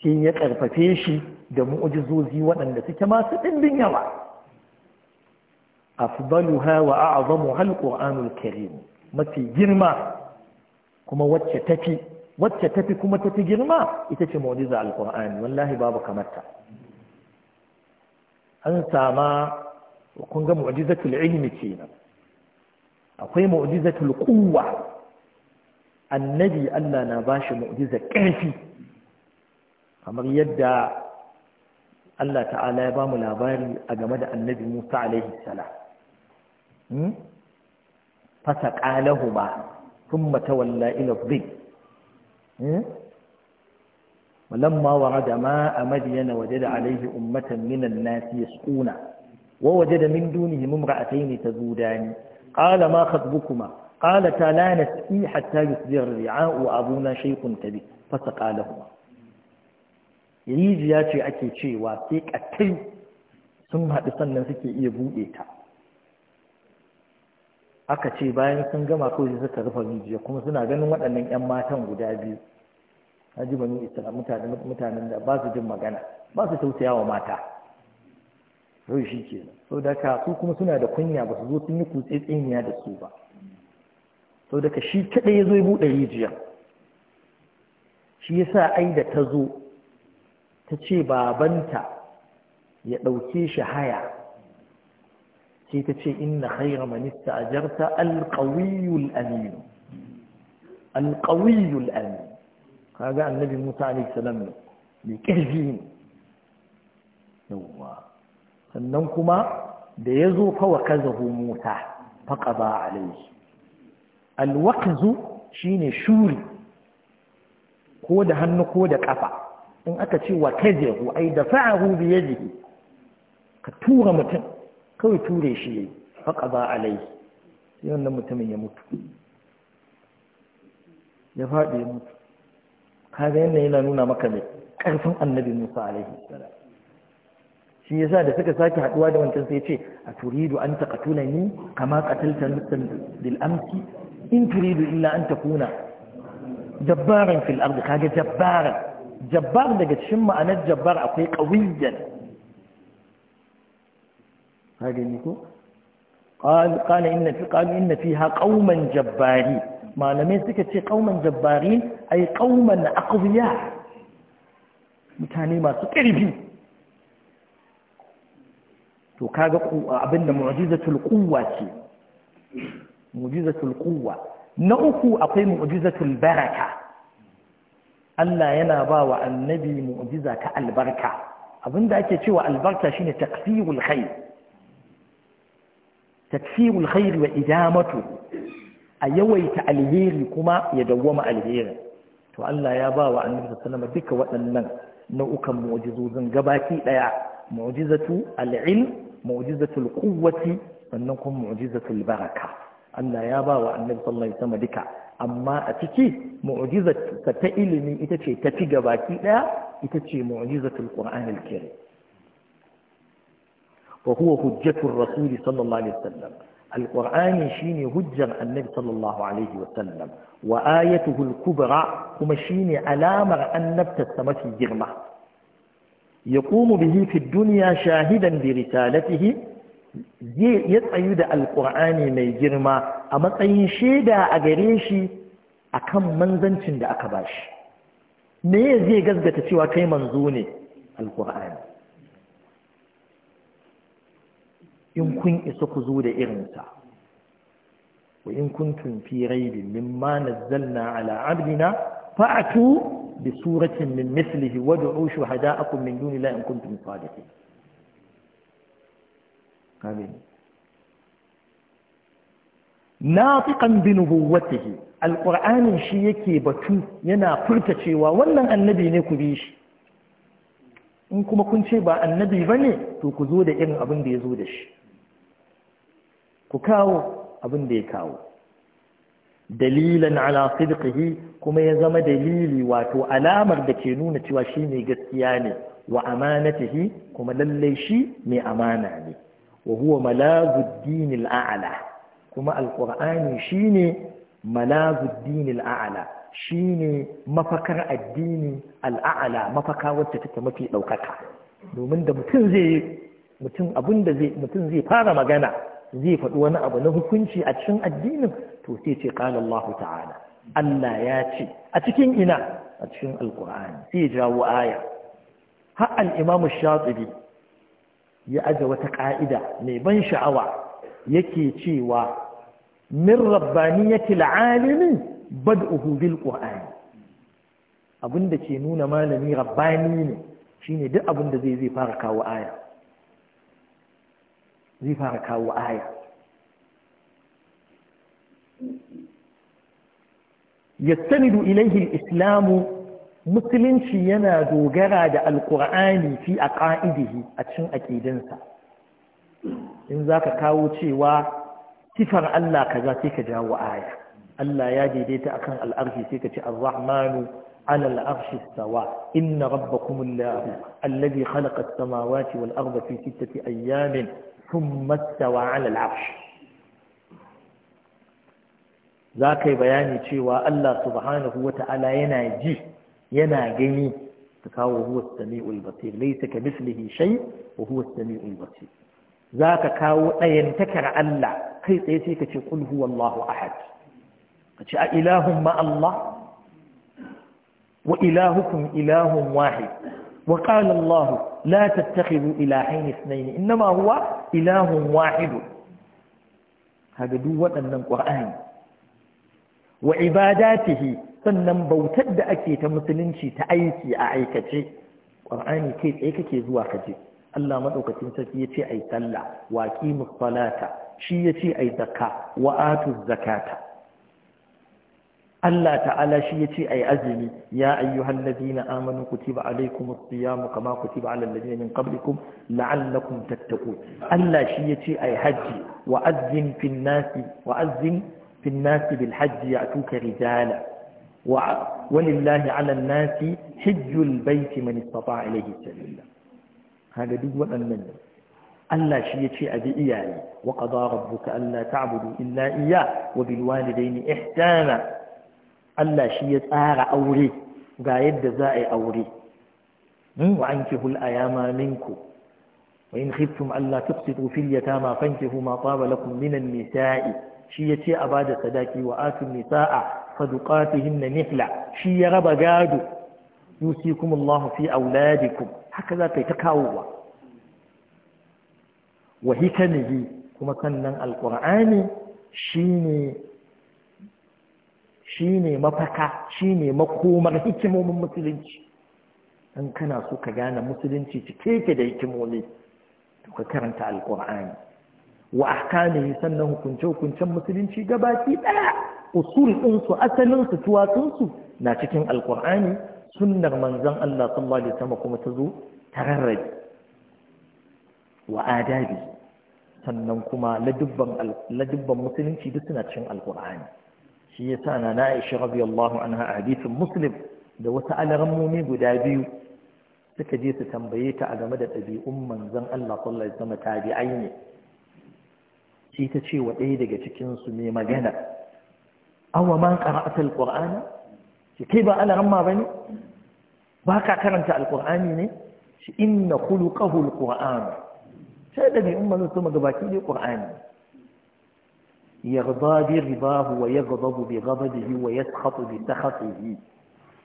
shin ya karfafe shi da mu'jizozi waɗanda suke masu dimbin yawa afdaluha wa a'zamu hal qur'anul karim mafi girma kuma wacce tafi wacce tafi kuma tafi girma ita ce mu'jiza alqur'ani wallahi babu kamar ta an sama kun ga mu'jizatul ilmi kenan akwai mu'jizatul quwwa annabi Allah na bashi mu'jiza ƙarfi kamar yadda Allah ta'ala ya bamu labari a game da annabi Musa alaihi salam hmm? fasa qalahuma thumma tawalla ila dhill a madiyana ماء da وجد عليه minan من الناس يسقون ووجد من دونهم امرأتين تزودان قال ما خطبكما قالتا لا نسقي حتى يصدر الرعاء وأبونا شيء كبير فسقى لهما يجي ياتي أكي شيء sai أكي ثم haɗu sannan suke iya buɗe aka ce bayan sun gama kawai suka rufe rijiya kuma suna ganin waɗannan 'yan matan guda biyu haji banu isra mutanen da ba su jin magana ba su tausaya wa mata yau shi ke sau da ka su kuma suna da kunya ba su zo sun yi kutse tsiniya da su ba sau da ka shi kaɗai ya zo ya buɗe rijiya shi yasa ai da ta zo ta ce babanta ya ɗauke shi haya sai ta ce inna khaira manista a jarta alƙawiyul aminu alƙawiyul aminu kaga annabi musa alaihi salam ne mai ƙarfi ne yawwa sannan kuma da ya zo fawa kazahu mota faƙa ba faƙaba alaihi alwakazu ne shuri ko da hannu ko da ƙafa in aka ce wa kazahu ai da fa'ahu bi yadihi ka tura mutum kawai ture shi yayi faƙaba alaihi sai wannan mutumin ya mutu ya faɗi ya mutu kaga yana yana nuna maka mai ƙarfin annabi Musa a salam shi yasa da suka sake haduwa da wancan sai ce a turidu an ta katuna ni kama qatalta nafsan bil amsi in turidu illa an takuna jabbaran fil ardi kage jabbaran jabbar daga cikin ma'anar jabbar akwai qawiyyan kage ni ko قال قال إن في قال إن فيها قوما جبارين ما لم يسكت قوما جبارين أي قوما أقوياء متاني ما سكري فيه to kaga abinda mu'jizatul quwwa ce mu'jizatul quwwa na uku akwai mu'jizatul baraka Allah yana ba wa annabi mu'jiza ta albarka abinda ake cewa albarka shine takfirul khair takfirul khair wa idamatu a yawaita alheri kuma ya dawwama alheri to Allah ya ba wa annabi sallama duka waɗannan nau'ukan mu'jizozin gabaki daya mu'jizatu al-ilm معجزة القوة أنكم معجزة البركة أن يابا وأن النبي صلى الله عليه وسلم ذكا أما أتكي معجزة تتأيل من إتكي تتكي باكي لا إتكي معجزة القرآن الكريم وهو هجة الرسول صلى الله عليه وسلم القرآن شيني هجة النبي صلى الله عليه وسلم وآيته الكبرى هم شين ألامر أن نبت السمك الجرمة yaqumu bihi fi dunya shahidan bi risalatihi zai ya tsayu da Alƙur'ani mai girma a matsayin shaida a gare shi akan manzancin da aka bashi me zai gasgata cewa kai manzo ne alqur'ani in kun isa kuzo zo da irinsa wa in kuntum fi raibin mimma nazzalna ala abdina fa'atu بسورة من مثله وادعوا شهداءكم من دون الله إن كنتم صادقين آمين ناطقا بنبوته القرآن شي yake batu yana furta cewa wannan annabi ne ku bi shi in kuma kun ce ba annabi ba ne to ku zo da irin abin da ya zo da shi ku kawo abin da ya kawo dalilan ala sidqihi kuma ya zama dalili wato alamar da ke nuna cewa shi ne gaskiya ne wa amanatihi kuma lallai shi mai amana ne wa huwa malazuddin al'ala kuma alqur'ani shine malazuddin al'ala shine mafakar addini al'ala mafaka wacce take mafi daukaka domin da mutum zai mutum abinda zai mutum zai fara magana zai faɗi wani abu na hukunci a cikin addinin to sai ce qala Allah ta'ala Allah ya ce a cikin ina a cikin Alƙur'ani sai jawo aya har al-imam shatibi ya aje wata ka'ida mai ban sha'awa yake cewa min rabbaniyatil alimi bad'uhu bil qur'ani abinda ke nuna malami rabbani ne shine duk abinda zai zai fara kawo aya zai fara kawo aya yastanidu ilaihi al-islamu musulunci yana dogara da alkur'ani fi a ƙa'idihi a cikin aƙidansa. in za ka kawo cewa sifar Allah kaza sai ka jawo aya Allah ya daidaita akan al'arshi sai ka ce ar-rahmanu ala al'arshi sawa inna rabbakum allahu alladhi khalaqa as-samawati wal arda fi sittati ayyamin thumma istawa ala al'arshi za ka yi bayani cewa Allah subhanahu wa ta'ala yana ji yana gani ta kawo huwa sami'ul basir laisa ka mislihi shai wa huwa sami'ul basir za ka kawo ɗayan takar Allah kai tsaye sai ka ce qul huwallahu ahad ka ce a ilahun ma Allah wa ilahukum ilahun wahid wa qala Allah la tattakhidhu ilahayn ithnayn innama huwa ilahun wahid kaga duk waɗannan qur'ani wa ibadatihi sannan bautar da ake ta musulunci ta aiki a aikace ƙwar'ani kai tsaye kake zuwa kaje Allah maɗaukacin sarki ya ce ai sallah wa ƙimus salata shi ya ce ai yi wa zakata Allah ta'ala shi ya ce ai azumi ya ayyuhan ladina amanu kutiba alaikum siyamu kama kutiba ala ladina min qablikum la'allakum tattaqun Allah shi ya ce ai hajji wa azzin fil nasi wa azzin في الناس بالحج يأتوك رجالا ولله على الناس حج البيت من استطاع إليه السبيل هذا دي وأمن ألا شيء شيء أبي إياه وقضى ربك ألا تعبدوا إلا إياه وبالوالدين إحسانا ألا شيء آر أوري قايد زائي أوري وأنكهوا الأيام منكم وإن خفتم ألا تقصدوا في اليتامى فانكه ما طاب لكم من النساء shi ya ce a bada sadaki wa atun nisa'a sadaqatihim na nihla shi ya raba gado kuma Allah fi auladikum haka za ka yi ta kawowa wa hikamihi kuma sannan alqur'ani shine ne mafaka shine makomar hikimomin musulunci An kana so ka gane musulunci cike yake da hikimomi ka karanta alqur'ani wa ahkamihi sannan hukunce hukuncen musulunci gabaki ɗaya usul ɗinsu asalinsu tuwatsunsu na cikin alkur'ani sunnar manzon Allah sallallahu alaihi wasallam kuma ta zo ta rarrabe wa adabi sannan kuma ladubban ladubban musulunci duk suna cikin alkur'ani shi yasa na na Aisha radiyallahu anha a hadisin Muslim da wata alarammomi guda biyu suka je su tambaye ta a game da ɗabi'un manzon Allah sallallahu alaihi wasallam tabi'ai ne sai ta ce wa ɗaya daga cikinsu mai magana awa man ƙara'ata alƙur'ana ce kai ba alaramma ba ne ba ka karanta alƙur'ani ne shi inna kulukahu alƙur'anu sai da mai umar su magabaki ne ƙur'ani yarda bi ribahu wa yaghdabu bi ghadabihi wa yaskhatu bi sakhatihi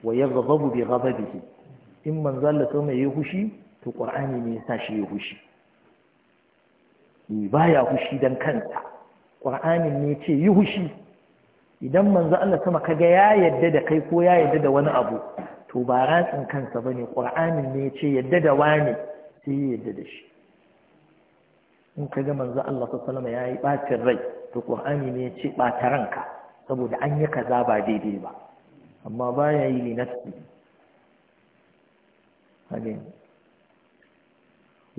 wa yaghdabu bi ghadabihi in manzo Allah sai mai hushi to ƙur'ani ne ya sa shi ya hushi Eh, baya hushi don kansa qur'anin ne ce yi hushi idan manzo Allah sama kaga ya yadda da kai ko ya yadda da wani abu to ba ratsin kansa bane qur'anin ne ce yadda da wani sai yadda da shi in kaga manzo Allah sallallahu ya yi ɓacin rai to ƙur'ani ne ya ce ɓata ranka saboda an yi kaza ba daidai ba amma baya yi ne nafsi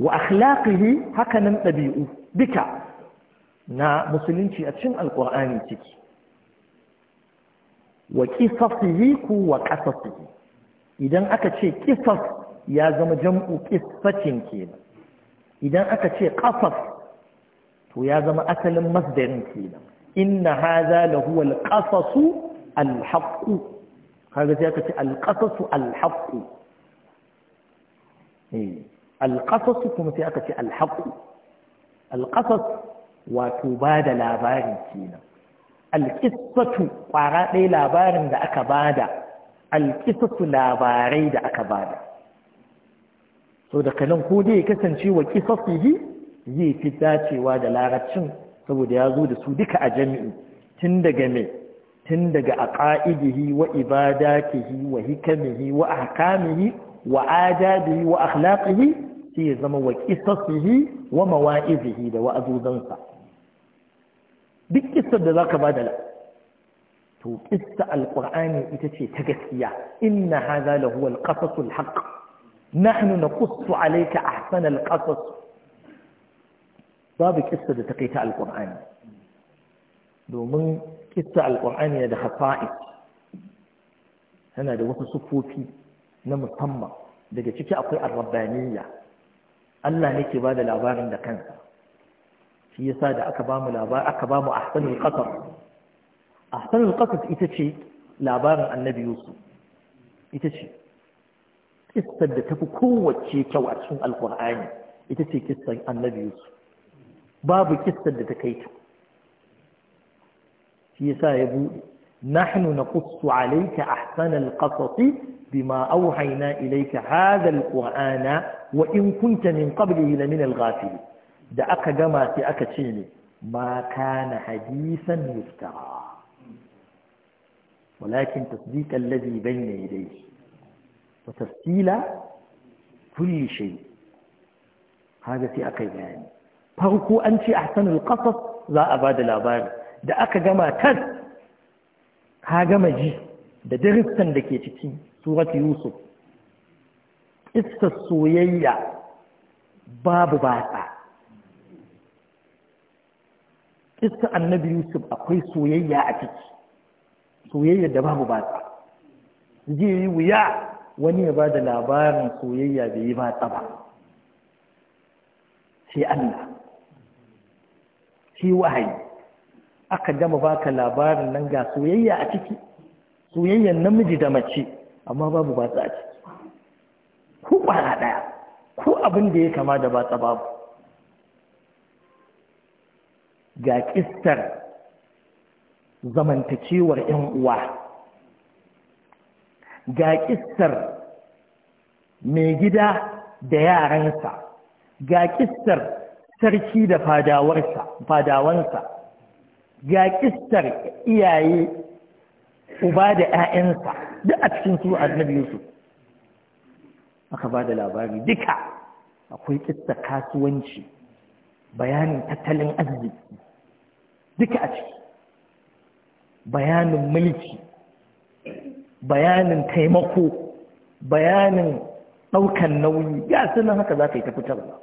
wa akhlaqihi hakanan ɗabi'u duka na musulunci a cikin alƙur'ani ciki wa ƙisafihi ko wa ƙasafihi idan aka ce ƙisaf ya zama jam'u ƙisfacin kenan idan aka ce ƙasaf to ya zama asalin masdarin kenan inna haza lahu alqasasu alhaqqu kaga sai aka ce alqasasu alhaqqu eh alƙasas kuma sai aka ce alhaƙu alƙasas wato ba da labari kenan alƙisatu ƙwara ɗaya labarin da aka bada alƙisatu labarai da aka bada so daga nan ko dai ya kasance wa ƙisasihi zai fi dacewa da larabcin saboda ya zo da su duka a jami'i tun daga mai tun daga aqaidihi wa ibadatihi wa hikamihi wa ahkamihi wa adabihi wa akhlaqihi sai ya zama wa qisasihi wa mawa'izihi da wa'azuzansa duk kissar da zaka bada to qissa alqur'ani ita ce ta gaskiya inna hadha lahu alqasasul haqq nahnu naqussu alayka ahsana alqasas babu kissa da ta kai ta alqur'ani domin kissa alqur'ani da hafa'is tana da wasu sufofi na musamman daga ciki akwai arrabaniya Allah ne ke ba da labarin da kansa shi yasa da aka ba mu labar aka ba mu ahsanul qasas ahsanul qasas ita ce labarin annabi yusuf ita ce kissar da tafi kowace kyau a cikin alkur'ani ita ce kissar annabi yusuf babu kissar da ta kai ta shi yasa ya buɗe نحن نقص عليك أحسن القصص بما أوحينا إليك هذا القرآن وإن كنت من قبله لمن الغافل دعك جمع في أكتشين ما كان حديثا يفترى ولكن تصديق الذي بين يديه وتفصيل كل شيء هذا في أكتشين يعني. فهو أنت أحسن القصص لا أباد الأباد دعك جمع تذ ka gama ji da darussan da ke ciki, surat yusuf iskar soyayya babu batsa iskar annabi yusuf akwai soyayya a ciki soyayya da babu batsa zai yi wuya wani ya ba da labarin soyayya bai yi batsa ba sai allah shi wahayi aka gama baka labarin nan ga soyayya a ciki soyayyan namiji da mace amma babu batsa a ciki ko kwara ɗaya ko abin da ya kama da batsa babu ga kistar zamantakewar 'yan uwa ga kistar mai gida da yaransa ga kistar sarki da fadawansa ga kistar iyaye uba da 'ya'yansa duk a cikin su annabi yusuf aka ba da labari duka akwai kistar kasuwanci bayanin tattalin arziki duka a ciki bayanin mulki bayanin taimako bayanin ɗaukan nauyi ya sunan haka za ka yi ta fitarwa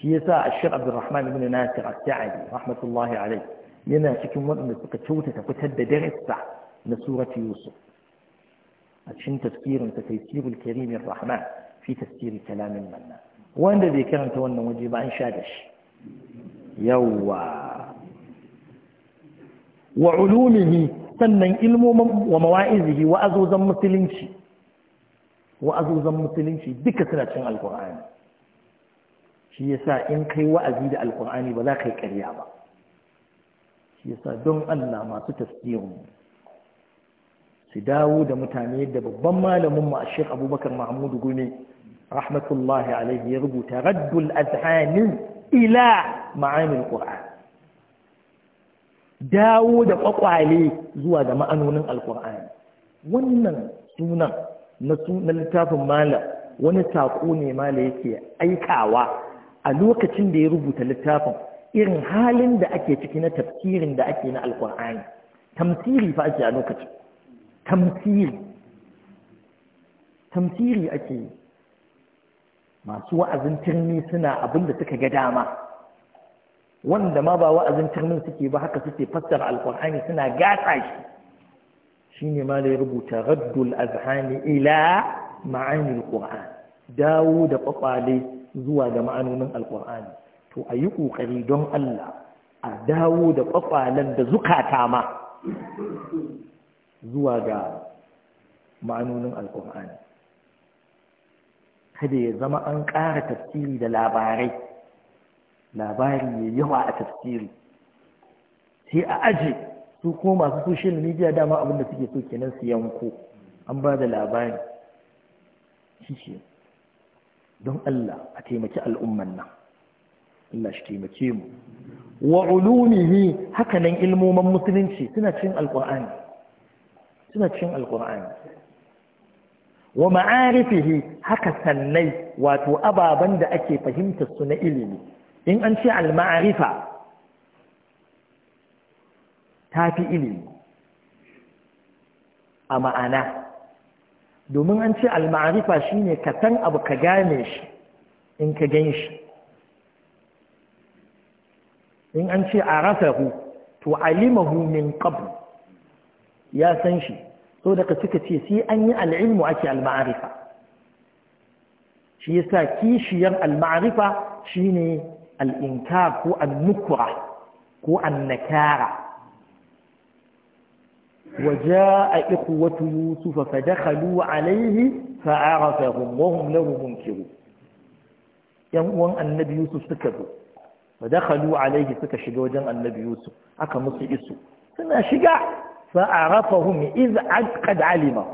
shi yasa ashir abdurrahman ibn nasir as-sa'idi rahmatullahi alayhi yana cikin waɗanda suka kyautata fitar da darasa na surati yusuf a cikin tafsirin ta tafsirul karimin rahman fi tafsiri kalamin manna wanda bai karanta wannan waje ba an sha da shi yawwa wa ulumihi sannan ilmomin wa mawa'izihi wa azuzan musulunci wa azuzan musulunci duka suna cin alkur'ani shi yasa in kai wa'azi da alkur'ani ba za ka yi ƙarya ba shi yasa don Allah masu tasirin su dawo da mutane da babban malamin mu Sheikh Abubakar Mahmud Gumi rahmatullahi alaihi ya rubuta raddul azhanin ila ma'anin Qur'an dawo da kwakwale zuwa da ma'anonin alkur'ani wannan sunan na littafin malam wani saƙo ne mala yake aikawa a lokacin da ya rubuta littafin irin halin da ake ciki na tafsirin da ake na alkur'ani tamsiri fa ake a lokacin tamsiri tamsiri ake masu wa'azin turmi suna abinda da suka ga dama wanda ma ba wa'azin turmin suke ba haka suke fassara alkur'ani suna gasa shi shine ma da ya rubuta raddul azhani ila ma'anil qur'an dawo da kwakwale zuwa ga ma'anonin alkur'ani to a yi ƙoƙari don Allah a dawo da ƙwaƙwalen da zukata ma zuwa ga ma'anonin alƙur'ani kada ya zama an ƙara tafsiri da labarai labari ya yawa a tafsiri sai a aje su ko masu social media dama abinda suke so kenan su yanko an ba da labari shi don Allah a taimaki al'umman nan Allah shi taimake mu wa ulumihi haka ilmoman musulunci suna cin alqur'ani suna cin alqur'ani wa ma'arifihi haka sannai wato ababen da ake fahimtar su na ilimi in an ce al-ma'arifa tafi ilimi a ma'ana domin an ce al-ma'arifa shine ka san abu ka gane shi in ka gan shi in an ce arafahu to alimahu min qabl ya san shi so daga suka ce sai an yi al'ilmu ake al-ma'arifa shi yasa kishiyar al-ma'arifa shine al-inkar ko an-nukra ko an-nakara وجاء إخوة يوسف wa عليه فعرفهم وهم yan uwan annabi Yusuf suka سكتوا fa dakhalu alayhi suka shiga wajen annabi yusuf aka musu isu suna shiga fa arafahum iz qad alima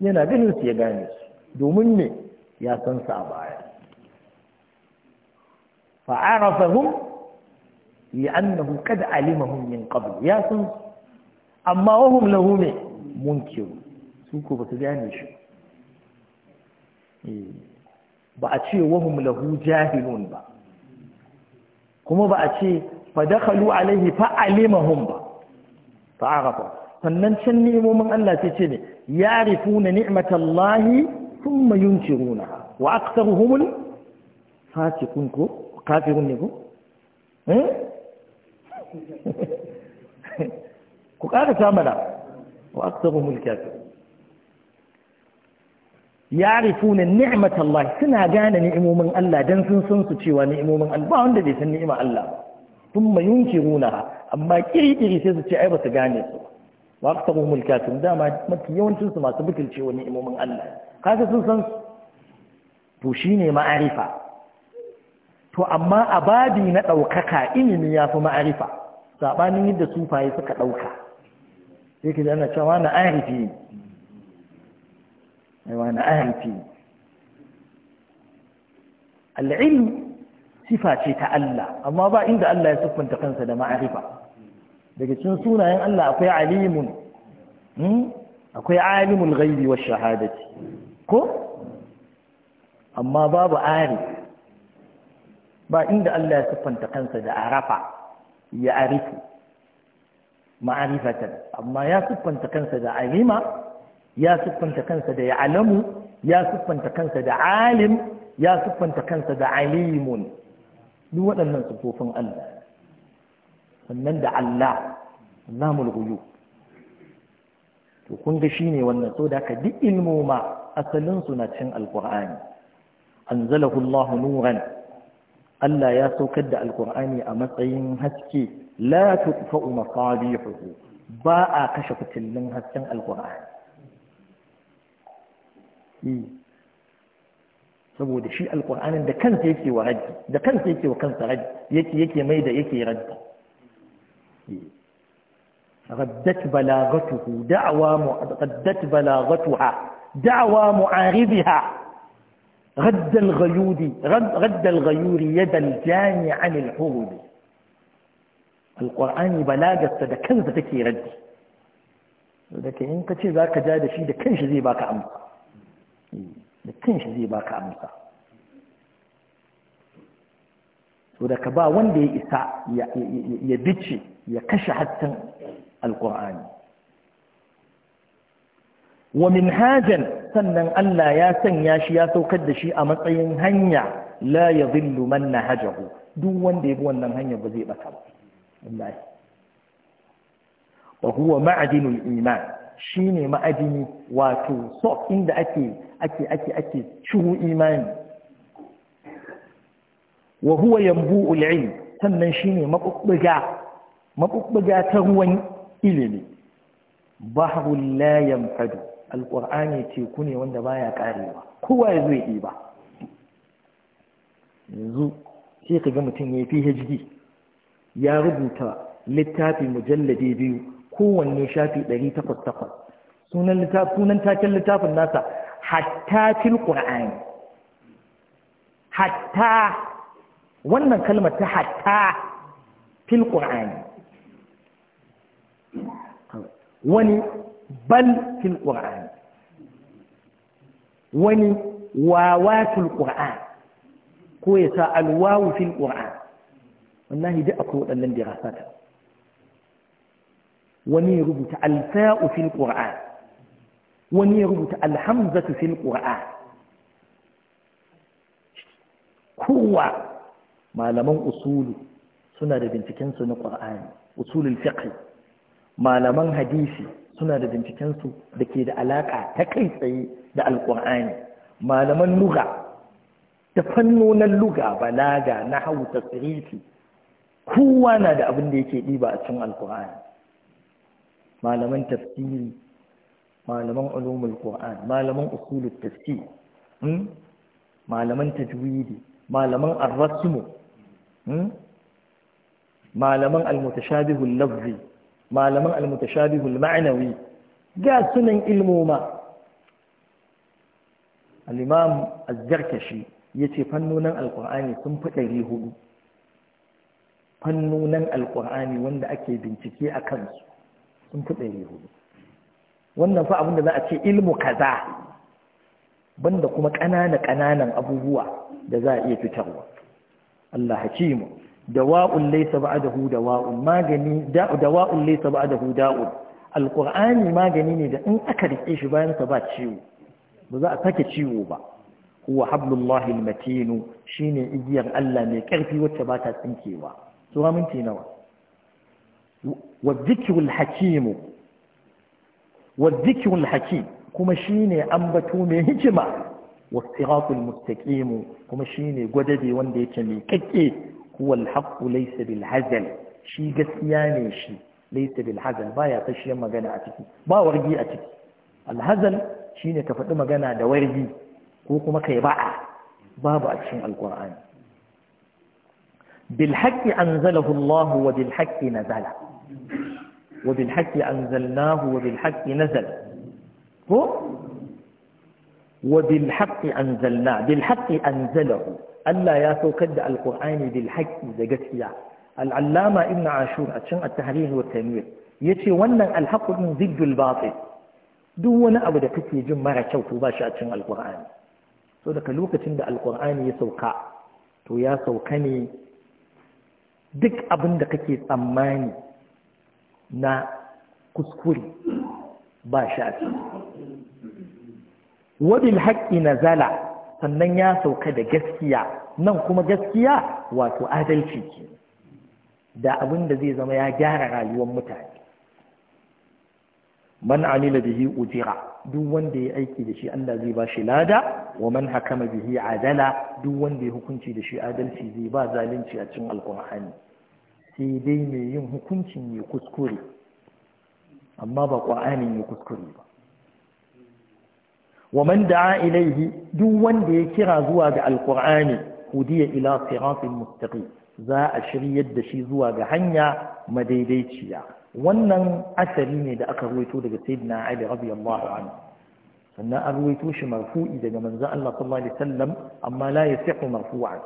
yana ganin su ya gane su domin ne ya san su a baya fa arafahum li'annahu qad alimahum min qabl ya san amma wahum lahu ne munkiru su ko ba su gane shi ba a ce wahum lahu jahilun ba kuma ba a ce fa dakhalu alaihi fa alimahum ba fa arafa sannan can ni'imomin Allah sai ce ne yarifuna ni'matallahi thumma yunkiruna wa aktharuhum fasiqun ko kafirun ne ko eh? ku ƙara ta mana wa aktharuhum kafirun Ya yarifuna ni'mat Allah suna gane ni'imomin Allah don sun san su cewa ni'imomin Allah ba wanda bai san ni'ima Allah tun mai thumma yunkiruna amma kirkiri sai su ce ai ba su gane su wa aqtabu mulkatun dama mafi yawancin su masu butulce wa ni'imomin Allah kaga sun san su to shine ma'arifa to amma a babi na ɗaukaka ilimi ya fi ma'arifa sabanin yadda sufaye suka ɗauka, sai kaje ana cewa na arifi wani ahaifi al'ilm sifa ce ta Allah amma ba inda Allah ya siffanta kansa da ma'arifa daga cikin sunayen Allah akwai alimun akwai alimul ghaibi wa shahadati ko amma babu ari ba inda Allah ya siffanta kansa da arafa ya arifu ma'arifatan amma ya siffanta kansa da alima ya siffanta kansa da ya'lamu ya siffanta kansa da alim ya siffanta kansa da alimun duk waɗannan sifofin Allah sannan da Allah namul ghuyub to kun ga shine wannan so da ka duk ilmu ma asalin su na cikin alqur'ani anzalahu Allah nuran Allah ya saukar da alqur'ani a matsayin haske la tutfa'u masabihu ba a kashe fitillin hasken alqur'ani saboda shi alƙur'anin da kansa yake wa raddi da kansa yake wa kansa raddi yake yake mai da yake raddi raddat balagatuhu da'wa mu raddat balagatuha da'wa mu'aribiha رد الغيود رد, رد الغيور يد الجاني عن الحرب القرآن بلاغة ده كنز تكي رد لكن إن كتير ذاك جاد شيء ده كنش زي باك عمق da kanshi zai baka amsa so da ka ba wanda ya isa ya bice ya kashe hattin alkur'ani wa minhajan sannan Allah ya sanya shi ya saukar da shi a matsayin hanya la yadhillu man nahajahu duk wanda ya bi wannan hanya ba zai ba wallahi wa huwa iman Shi shine ma'adini wato so inda ake ake ake ake cihu imani wa huwa yanbu'u al-ilm sannan shine mabubbuga maɓuɓɓuga ta ruwan ilimi bahrul la yanfadu alqur'ani teku ne wanda baya karewa kowa yazo ya ba? yanzu sai ka ga mutum ya yayi PhD ya rubuta littafi mujalladi biyu kowanne shafi ɗari takwas takwas sunan taken littafin nasa hatta fil qur'ani hatta wannan kalmar ta hatta fil qur'ani wani bal fil qur'ani wani wawatul qur'an ko ya sa alwawu fil qur'an wallahi da akwai waɗannan dirasata wani ya rubuta alfa'u fil qur'an wani ya rubuta alhamzatu fil kowa malaman usulu suna da bincikensu na qur'ani usulun fiqh malaman hadisi suna da bincikensu da ke da alaƙa ta kai tsaye da alƙur'ani malaman luga da fannonin luga balaga na hau tasirifi kowa na da abin da yake ɗiba a cikin alƙur'ani malaman tafsiri malaman ulumul qur'an malaman usulut tafsir hmm? malaman tajwidi malaman ar-rasm hmm? malaman al-mutashabihul lafzi malaman al-mutashabihul ma'nawi ga sunan ilmoma al-imam az-zarkashi yace fannonin al-qur'ani sun fi 400 fannonin al-qur'ani wanda ake bincike akan su sun fi ɗari hudu wannan fa abin da za a ce ilmu kaza banda kuma ƙanana ƙananan abubuwa da za a iya fitarwa Allah hakimu dawa'un laysa ba'dahu dawa'un magani dawa'un laysa ba'dahu da'un alqur'ani magani ne da in aka rike shi bayan sa ba ciwo ba za a sake ciwo ba huwa hablullahi almatin shine igiyar Allah mai karfi wacce ba ta tsinkewa sura minti nawa والذكر الحكيم والذكر الحكيم كما شيني أنبتو من هجمة والصراط المستقيم كما شيني قددي واندي كمي كتئ هو الحق ليس بالهزل شي قسياني شي ليس بالهزل بايا تشي مغانا أتكي با ورقي أتكي الهزل شيني كفتو مغانا دا ورقي كوكما كيباعة باب أتشين القرآن بالحق أنزله الله وبالحق نزله وبالحق أنزلناه وبالحق نزل هو وبالحق أنزلناه بالحق أنزله ألا يسوكد القرآن بالحق ذا العلامة ابن عاشور أتشن التحرير والتنوير يتي ونن الحق من ضد الباطل دون أبدا كتي جم مرة شوف باشا أتشن القرآن سودك لوكة عند القرآن يسوكا تو يسوكني duk abin da kake tsammani na kuskure ba shi a haƙƙi na zala sannan ya sauka da gaskiya nan kuma gaskiya wato adalci ke da abin da zai zama ya gyara rayuwar mutane man amila bihi ujira duk wanda ya aiki da shi Allah zai ba shi lada wa man hakama bihi adala duk wanda ya hukunci da shi adalci zai ba zalunci a cikin alqur'ani sai dai mai yin hukuncin ya kuskure amma ba ƙwa'anin ya kuskure ba wa man da'a ilaihi duk wanda ya kira zuwa ga alqur'ani hudiya ila siratin mustaqim za a shiryar da shi zuwa ga hanya madaidaiciya wannan asali ne da aka ruwaito daga sayyidina ali radiyallahu anhu sannan an ruwaito shi marfu'i daga manzon Allah sallallahu alaihi wasallam amma la yasihu marfu'an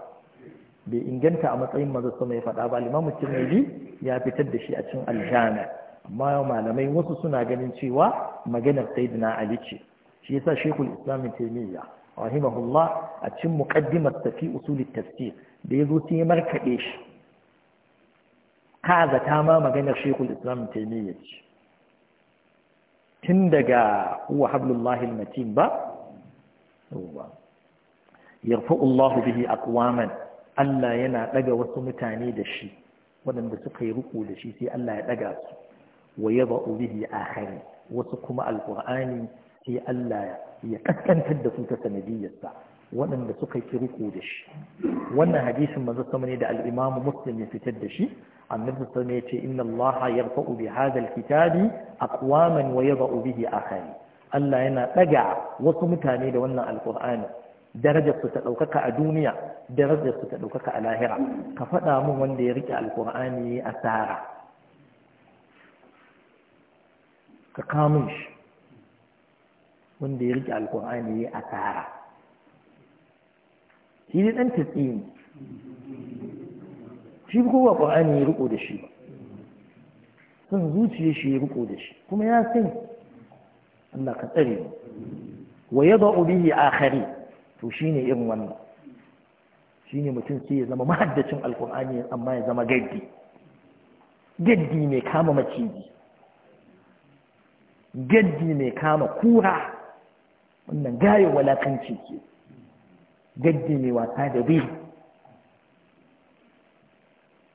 bai inganta a matsayin maza sama ya faɗa ba limamu tirmidhi ya fitar da shi a cikin aljana amma malamai wasu suna ganin cewa maganar sayyidina ali ce shi yasa shekul islam taimiyya rahimahullah a cikin muqaddimat ta fi usul tafsir da yazo sai ya markade shi ka zata ma maganar shekul islam taimiyya ce tun daga huwa hablullahi almatin ba yarfa'u Allah bihi aqwaman Allah yana ɗaga wasu mutane da shi waɗanda suka yi riko da shi sai Allah ya ɗaga su wa yaba bihi akhari wasu kuma alqur'ani sai Allah ya kaskantar da su ta sanadiyyarsa waɗanda suka yi riko da shi wannan hadisin manzo sama ne da al-Imam Muslim ya fitar da shi annabi sama ya ce inna Allah yarfa'u bi hadha al-kitabi aqwaman wa yada'u bihi akhari Allah yana ɗaga wasu mutane da wannan alqur'ani darajar su ta ɗaukaka a duniya darajar su ta ɗaukaka a lahira ka faɗa min wanda ya riƙe alƙur'ani a tsara ka kamun shi wanda ya riƙe alƙur'ani a tsara shi ne ɗan tatsi ne shi kowa ƙur'ani ya riƙo da shi ba sun zuciya shi ya riƙo da shi kuma ya san Allah ka tsare mu wa yadda ubihi akhari to shine irin wannan shine mutum sai ya zama mahaddacin alkur'ani amma ya zama gaddi gaddi mai kama maciji gaddi mai kama kura wannan gayin walakanci ke gaddi mai wasa da biyu,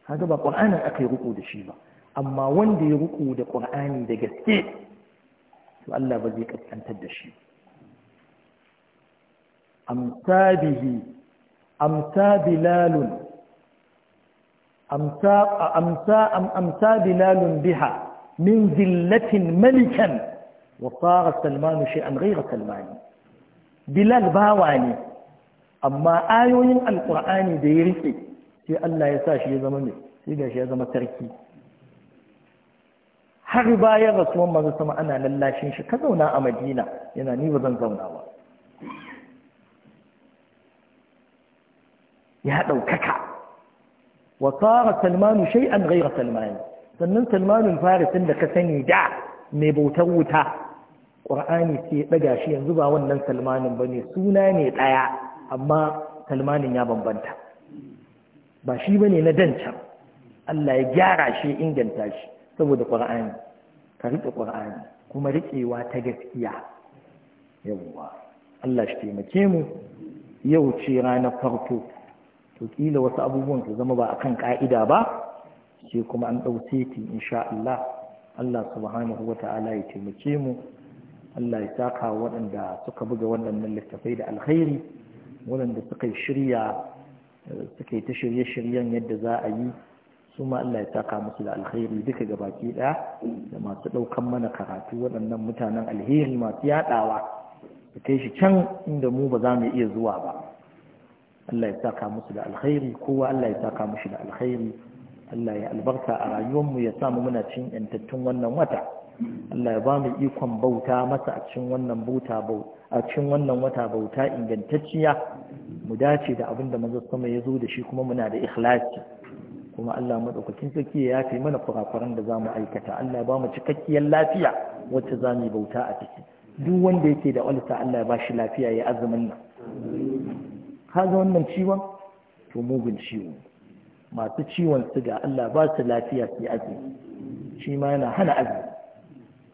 haka ba ƙur'anin aka yi riko da shi ba amma wanda ya ruƙu da ƙur'ani da gaske to Allah ba zai ƙasƙantar da shi ba amsa bihi bilalun bilalun biha min zillatin malikan wa fara salmanu an gaira salmani bilal bawa ne amma ayoyin Alƙur'ani da ya rike sai Allah ya sa shi ya zama mai sai ya zama sarki har bayan rasuwan manzo sama ana lallashin shi ka zauna a madina yana ni ba zan zauna ba ya ɗaukaka wa ƙara salmanu an ghaira salmani sannan salmanun farisin da ka sani da mai bautar wuta ƙur'ani sai ya ɗaga shi yanzu ba wannan salmanin ba ne suna ne ɗaya amma salmanin ya bambanta ba shi ba ne na dancan Allah ya gyara shi inganta shi saboda ƙur'ani ka riƙe ƙur'ani kuma riƙewa ta gaskiya yawwa Allah shi taimake mu yau ce ranar farko to kila wasu abubuwan su zama ba akan ka'ida ba sai kuma an dau seti insha Allah Allah subhanahu wa ya taimake mu Allah ya saka waɗanda suka buga waɗannan littafai da alkhairi waɗanda suka shirya suka ta shirye-shiryen yadda za a yi su ma Allah ya saka musu da alkhairi duka gabaki ɗaya da masu ɗaukan mana karatu waɗannan mutanen alheri masu yaɗawa da kai shi can inda mu ba za mu iya zuwa ba Allah ya saka musu da alkhairi kowa Allah ya saka musu da alkhairi Allah ya albarka a rayuwarmu ya samu muna cin yantattun wannan wata Allah ya bamu ikon bauta masa a cikin wannan bauta a cikin wannan wata bauta ingantacciya mu dace da abin da manzo sama ya zo da shi kuma muna da ikhlasi kuma Allah madaukakin sarki ya yafe mana kurakuran da zamu aikata Allah ya bamu cikakkiyar lafiya wacce za mu bauta a ciki duk wanda yake da ulsa Allah ya ba shi lafiya ya azumin nan kaga wannan ciwon to mugun ciwo masu ciwon siga Allah ba su lafiya su azumi shi ma yana hana azumi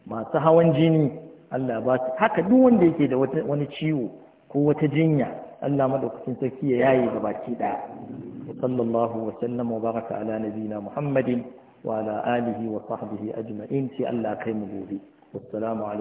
masu hawan jini Allah ba su haka duk wanda yake da wani ciwo ko wata jinya Allah madaukakin sarki ya yaye ga baki daya sallallahu wa sallam wa baraka ala nabiyina Muhammadin wa ala alihi wa sahbihi ajma'in sai Allah kai mu gobe assalamu alaikum